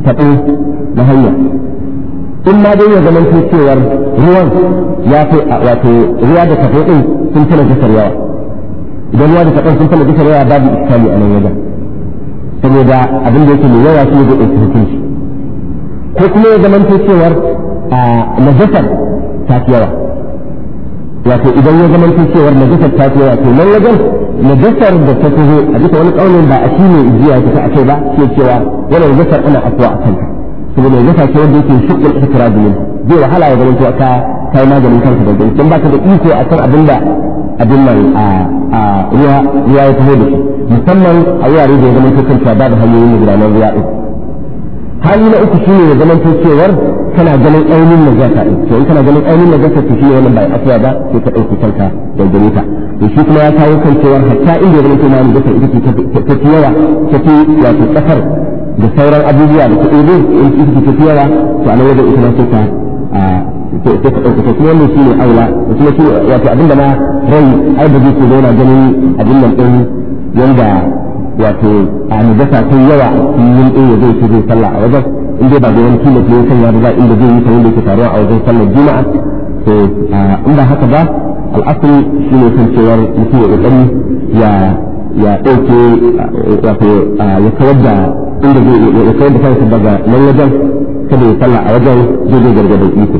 taɓo na hanya in ma dai ya zama cewar ruwan ya ce wato ruwa da taɓo ɗin sun fi najasar yawa idan ruwa da taɓo sun fi najasar yawa babu iskali a nan wajen saboda abin da yake mai yawa shi ne da ko kuma ya zama to cewar najasar ta fi yawa wato idan ya zama ta cewar najasar ta fi yawa to nan wajen najasar da ta fi a duka wani kaunin ba a shi ne jiya ta a kai ba ke cewa yana najasar ana afuwa a kanta saboda najasa ce wanda yake shukul ikirazi ne zai wahala ya zama ta ka kai maganin kansa da gani ba ta da iko akan abin da abin nan a ruwa ya taho da shi musamman a wurare da ya zama ta kanta da hanyoyin da gudanar ruwa ɗin hali na uku shine ya zamanto cewar kana ganin ainihin najasa din to in kana ganin ainihin najasa to shine wannan bai afiya ba sai ka dauki kanka da gare ta to shi kuma ya kawo kan cewar hatta inda ya zamanto ma najasa ita ce ta fi yawa ta fi wato kasar da sauran abubuwa da kuɗi in ita ce ta fi yawa to a nan wajen ita ma sai ka ta ta ɗauka kuma wannan shine aula kuma shi wato abinda ma rai ai ba zai ce zauna ganin abin nan ɗin yanda wato a najasa ta yawa a cikin yin ɗaya zai ce zai sallah a wajen in dai ba da wani kila ne sanya ba inda zai yi ta wanda yake taruwa a wajen sallar juma'a to in ba haka ba al'asari shi ne kan cewar mutum ya ƙoƙari ya ya ɗauke wato ya kawar da inda zai ya kawar da kansa daga nan wajen kada ya sallah a wajen zai zai gargadin iko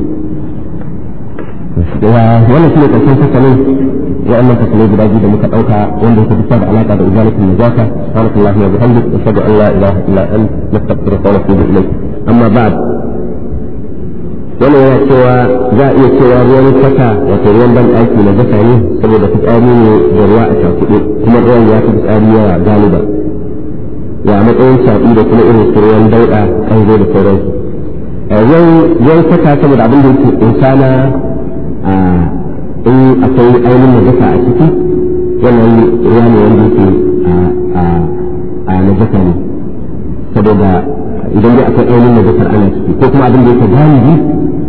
wannan shi ne ƙarshen fasalin وأن تقليد راجي لم da وأن تتساب علاقة بإزالة النجاسة سبحانك الله وبحمدك أشهد أن لا إله إلا أنت نستغفرك ونتوب إليك أما بعد wani yana cewa za a iya cewa ruwan saka wato ruwan ban aiki na zaka ne saboda fitsari ne da ruwa a cakuɗe kuma ruwan ya fi fitsari yawa galiba ya matsayin shaɗi da kuma irin su ruwan dauɗa zo da sauransu ruwan saka saboda abin da yake insana a in akwai ainihin najasa a ciki wannan ruwa ne wanda yake a najasa ne saboda idan dai akwai ainihin najasar ana ciki ko kuma abin da yake galibi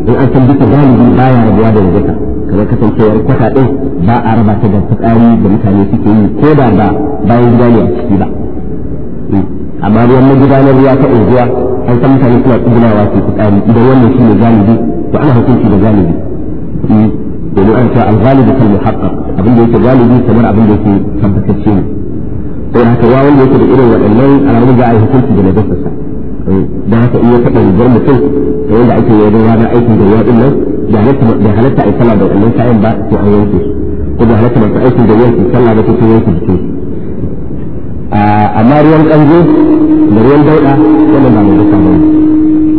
in an san duka galibi baya rabuwa da najasa kamar kasancewar kwata ɗin ba a raba ta da fitsari da mutane suke yi ko da ba bayan gida ne a ciki ba amma ruwan magudanar ruwa ta unguwa an san mutane suna tsugunawa su fitsari idan wannan shi ne galibi to ana hukunci da galibi hmm. domin an ce alghalibu kal muhaqqaq abin da yake galibi kamar abin da yake tabbatacce ne sai haka wa wanda yake da irin waɗannan alamu ga ai hukunci da najasarsa eh, da haka iya taɓa rigar mutum da yadda ake yi wajen ranar aikin da yaɗin nan da halatta a sallah da waɗannan kayan ba sai an yanke ko da halatta masu aikin da yanke sallah da kuma yanke jikin ah, amma ruwan ƙanzo da ruwan dauɗa wannan ba mai da ba ne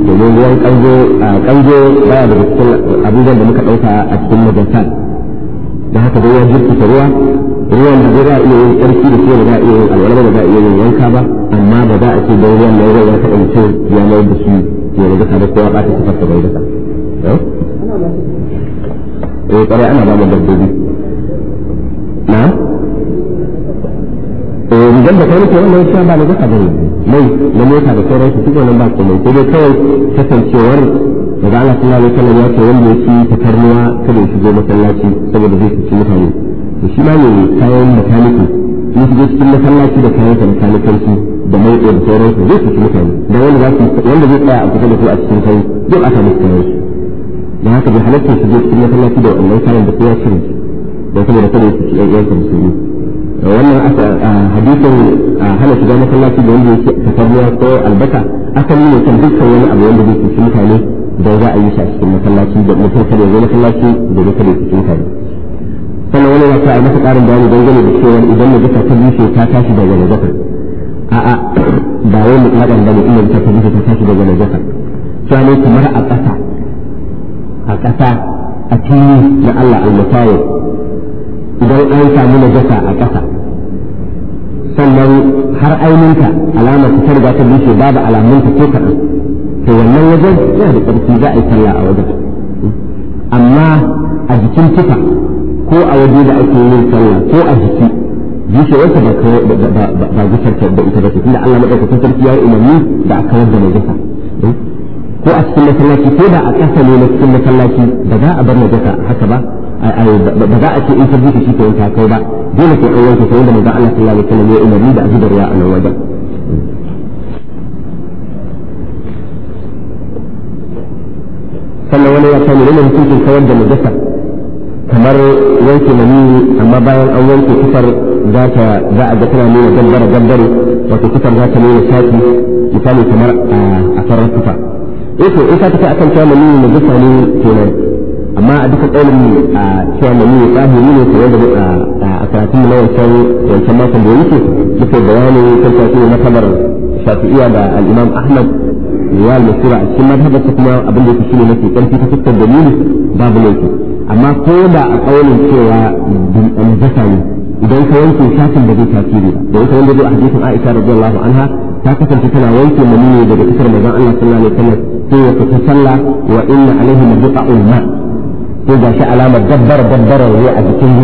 domin ruwan kanjo kanjo baya daga cikin abubuwan da muka ɗauka a cikin majantan da haka dai ya jirkita ruwa ruwan da zai iya yin ƙarfi da kuma za a iya yin alwala ba za a iya yin yanka ba amma ba za a ce da ruwan mai ruwan ka ɗauke ya mai da su ya rage ka da kowa ɓata sifar ta bai da ka. Eh? eh ƙwarai ana ba mu dabbobi. Na'am? Eh, idan da kai nake wannan cewa ba na zaka bane mai na mota da sauran su kuma nan ba ko mai dai kawai kasancewar da Allah sallallahu alaihi wasallam ya ce wanda yake takarnuwa kada ya shigo masallaci saboda zai ci mutane to shi ma ne kayan makaniki in shigo cikin masallaci da kayan makanikanci da mai da sauran su zai ci mutane da wanda za su wanda zai tsaya a kusa da su a cikin kai duk aka muskare su da haka bai halatta shigo cikin masallaci da wannan kayan da kowa shirin da saboda kada ya ci yan uwansa musulmi wannan hadisin hana shiga masallaci da wanda yake tafarnuwa ko albasa asali ne kan dukkan wani abu wanda zai cuci mutane da za a yi shi a cikin masallaci da mutum kada ya zo masallaci da zai kada ya cuci mutane sannan wani wata a masa karin bayani dangane da cewa idan na jika ta bushe ta tashi daga najasa a'a ba wai mutlaƙan ba ne ina da ta bushe ta tashi daga zafar cewa ne kamar a ƙasa a ƙasa a fili na Allah al-musayir idan an samu na najasa a ƙasa sannan har ainihinta alamar ta riga ta bushe babu alamunta ko kaɗan to wannan wajen yana da ƙarfi za a yi sallah a wajen amma a jikin tufa ko a waje da ake yin sallah ko a jiki bushewarta ba ba gusarta da ita ba ce tunda Allah madaukakin sarki ya yi umarni da a kawar da najasa eh? ko a cikin masallaci ko da a ƙasa ne na cikin masallaci da za a bar najasa haka ba ba za a ce in sabbi shi kenan ta kai ba dole sai an wanke sai da manzo Allah sallallahu alaihi wasallam ya umarni da azubar ya a nan wajen sannan wani ya sani yana hukuncin kawar da najasa kamar wanke maniyi amma bayan an wanke kufar za ta za a ga tana nuna gambara gambare wato kufar za ta nuna sati misali kamar a farar kufa eh to in ka tafi akan cewa maniyi najasa ne kenan amma a duka ƙaunin ne a cewa mani ya tsabu ne kamar da a karatun na wancan wancan makon da yake muke bayani kan shafi na kamar shafi'iya da al'imam ahmad ya al-masira a cikin madhabar ta kuma abin da yake ne mafi ƙarfi ta fuskar dalili babu laifi amma ko da a ƙaunin cewa jasa ne idan ka wanke shafin da zai tasiri da wata wanda zai a hadisin aisha radiyallahu anha ta kasance tana wanke mani daga fitar manzon Allah sallallahu alaihi wasallam sai ya fita sallah wa inna alaihi mabqa'ul ma' ko ga shi alamar dabbar dabbar ruwa a jikin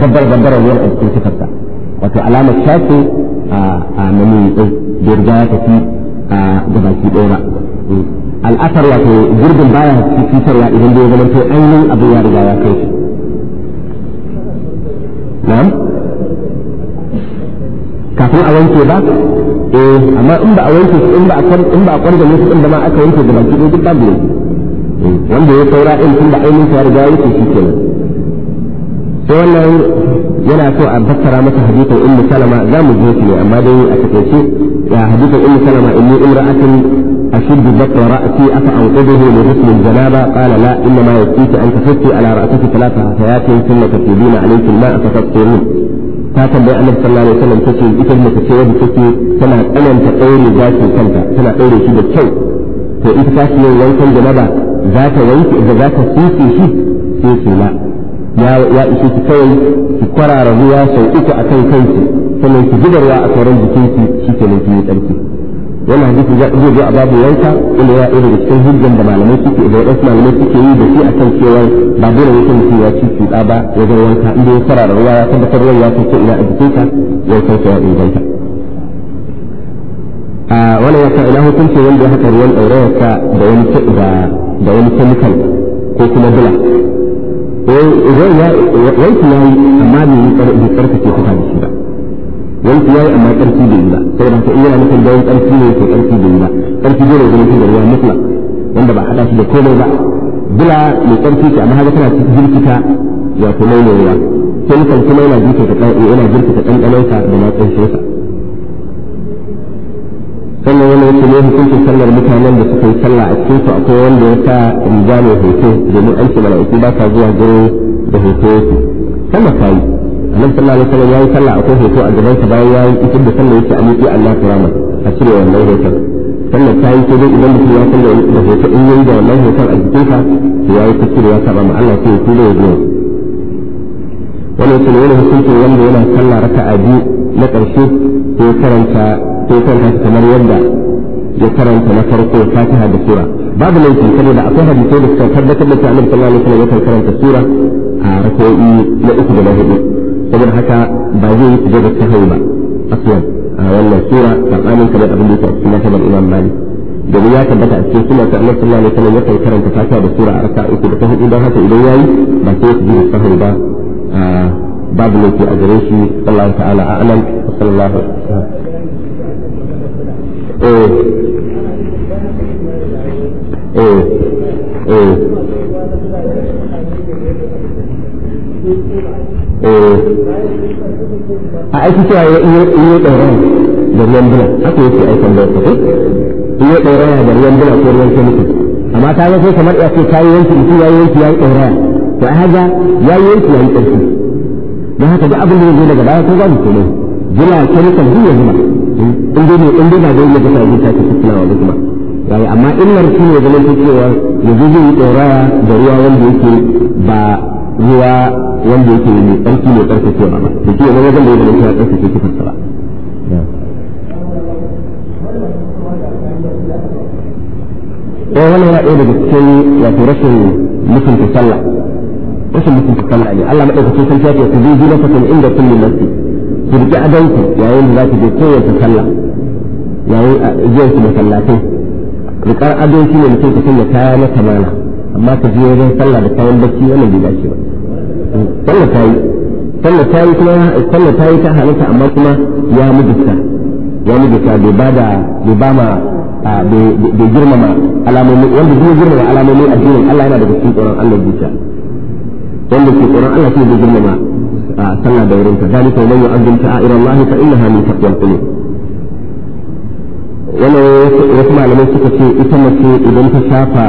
dabbar dabbar ruwa a jikin sifarsa wato alamar shafe ce a mani da eh, riga ya tafi ga baki ɗaya ba al'asar wato gurbin baya fitarwa idan da ya zama to ainihin abin ya riga ya kai shi na'am kafin a wanke ba eh amma in ba a wanke in ba a in ba a kwarga ne su din da ma aka wanke da baki ɗaya duk babu yanzu wanda ya saura ɗin tun da ainihin ta riga yake shi kenan sai wannan yana so a fassara masa hadisin ummu salama za mu je shi ne amma dai a takaice ya hadisin ummu salama inni imra'atin أشد بك رأسي أفأنقذه لغسل الجنابة قال لا إنما يكفيك أن تحطي على رأسك ثلاث حفيات ثم تكتبين عليك الماء فتطهرين تاتم بأن صلى الله عليه وسلم تكي إذا ما تكي بكي كما أنا تقيري ذاتي كنت كما قيري شيء بكي فإذا كاشي يوم كان جنابة za ta wanke da za ta tsinke shi sai ce la ya ishe ki kawai ki kwarara ruwa sau uku a kan kanki sannan ki zuba ruwa a sauran jikinki shi ke nan yi tsarki wannan hadisi zai zo a babu yanka inda ya irin cikin hujjan da malamai suke da wasu malamai suke yi da shi akan cewa ba dole ne mutum ya ci cuɗa ba zama wanka inda ya kwarara ruwa ya tabbatar ruwan ya sauke ina a jikinka ya sauke ya inganta wani ya sa ina hukunci wanda ya haka ruwan ɗaurayarsa da wani da wani chemical ko kuma bula wanki ya yi amma bai tsarkake kuka da shi ba wanki ya yi amma ƙarfi da yi ba saboda haka in yana nufin da wani ƙarfi ne ke ƙarfi da yi ba ƙarfi dole zai nufin da ruwa mutlak wanda ba haɗa shi da komai ba bula mai ƙarfi ce amma haka tana jirkita wato mai ruwa chemical kuma yana jirkita yana jirkita ɗanɗanonsa da matsayin sa sannan wani yake ne hukuncin sallar mutanen da suka yi sallah a cikin su akwai wanda ya sa riga mai hoto domin an ce mala'iku ba ka zuwa gare da hoto yake sannan ta yi annabi sallallahu alaihi wasallam yayi sallah akwai hoto a gaban sa bayan yayi ikin da sallar yake a miƙi Allah kirama a cire wannan hoton sannan ta yi sai idan mutum ya sallar da hoto in yayi da wannan hoton a jikin ka to ya yi cire ya saba ma Allah sai ya tura ya zuwa wani yake ne wani hukuncin wanda yana sallah raka'a biyu na ƙarshe ko karanta sai kan kamar yadda ya karanta na farko fatiha da sura babu laifi da akwai hadisi da suka tabbatar da cewa annabi sallallahu alaihi wasallam ya karanta sura a rakoi na uku da na hudu saboda haka ba zai yi da sahwi ba aslan a wannan sura tsakanin kamar abin da yake cikin nasabar imam malik da ya tabbata a cikin sunan ta annabi sallallahu alaihi wasallam yakan karanta fatiha da sura a raka'a uku da ta hudu don haka idan yayi ba sai da sahwi ba babu laifi a gare shi sallallahu ta'ala a'lam sallallahu alaihi wasallam Eh. Eh. Eh. a aiki cewa ya iya da ruwan bula haka yake aikin da ya iya ɗauraya da ruwan bula ko ruwan kemikal amma ta ga kamar ya ce ta yi yanki ya yi yanki ya yi to a haja ya yi yanki ya yi ƙarfi don haka da abin da ya zo daga baya ko za mu kenan jira kemikal duk ya zuma in dai in dai ba ya ba ta yayi amma illar shi ne ta cewa zai yi tsoraya da ruwa wanda yake ba ruwa wanda yake mai tsarki mai ba to shi ne zan da yake yana ɗaya daga cikin wato rashin mutunta sallah rashin mutunta sallah ne Allah madaukakin sarki ya ce ku bi zinatakum inda kulli masjid kirki riki adanki yayin da za ki je kowace sallah yayin zuwan ki masallatai rikar ado shi ne mutum ka sanya kaya na kamana amma ka je wajen sallah da kayan bacci wannan bai dace ba sallah ta yi sallah ta yi kuma sallah ta yi ta halatta amma kuma ya mujista ya mujista bai ba da bai ba ma bai girmama alamomi wanda zai girmama alamomi a addinin Allah yana daga cikin tsoron Allah zuciya wanda ke tsoron Allah shi zai girmama sallah da wurinta zalika man yu'azzim sha'air Allah fa innaha min taqwal qulub wannan wasu malamai suka ce ita mace idan ta shafa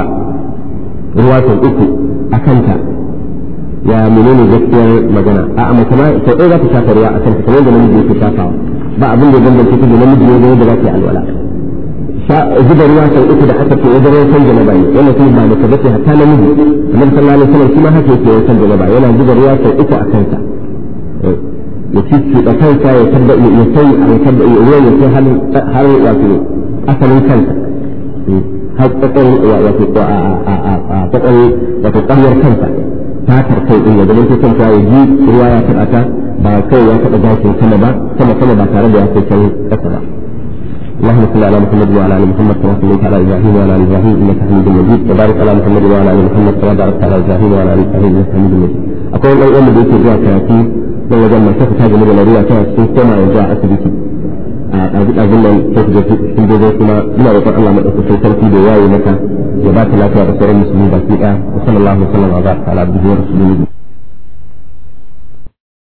ruwa sau uku a kanta ya menene gaskiyar magana a mace ma sau ɗaya za ta shafa ruwa a kanta kamar da namiji yake shafawa ba abin da bambance ta da namiji ne da za ta yi alwala zuba ruwa sau uku da aka ce wajen wankan janaba ne wannan kuma ba mace hatta namiji sallallahu alaihi wasallam shi ma haka yake yana zuba ruwa sau uku a kansa ya cicciɗa kansa ya tabba ya kai ya tabba ya ruwa ya har asalin kansa har tsakar a tsakar wato ƙaryar kansa kai ɗin ya zama kansa ya ji ruwa ya taɓa ta ba kai ya taɓa sama ba sama sama ba tare da ya kai can ƙasa ba اللهم صل على محمد وعلى ال محمد كما صليت على ابراهيم وعلى ال ابراهيم انك حميد مجيد وبارك على محمد وعلى ال محمد كما باركت على ابراهيم وعلى ال ابراهيم انك حميد مجيد. اقول لا يجمع كيف هذا من الأرواح كان في السماء وجاء أسبيك أقول أظن أن كيف جاء في البيضات ما لا يطع الله من أسفل سلطة بواي لك جبات الله في أبصر المسلمين بسيئة وصلى الله وسلم على عبده ورسوله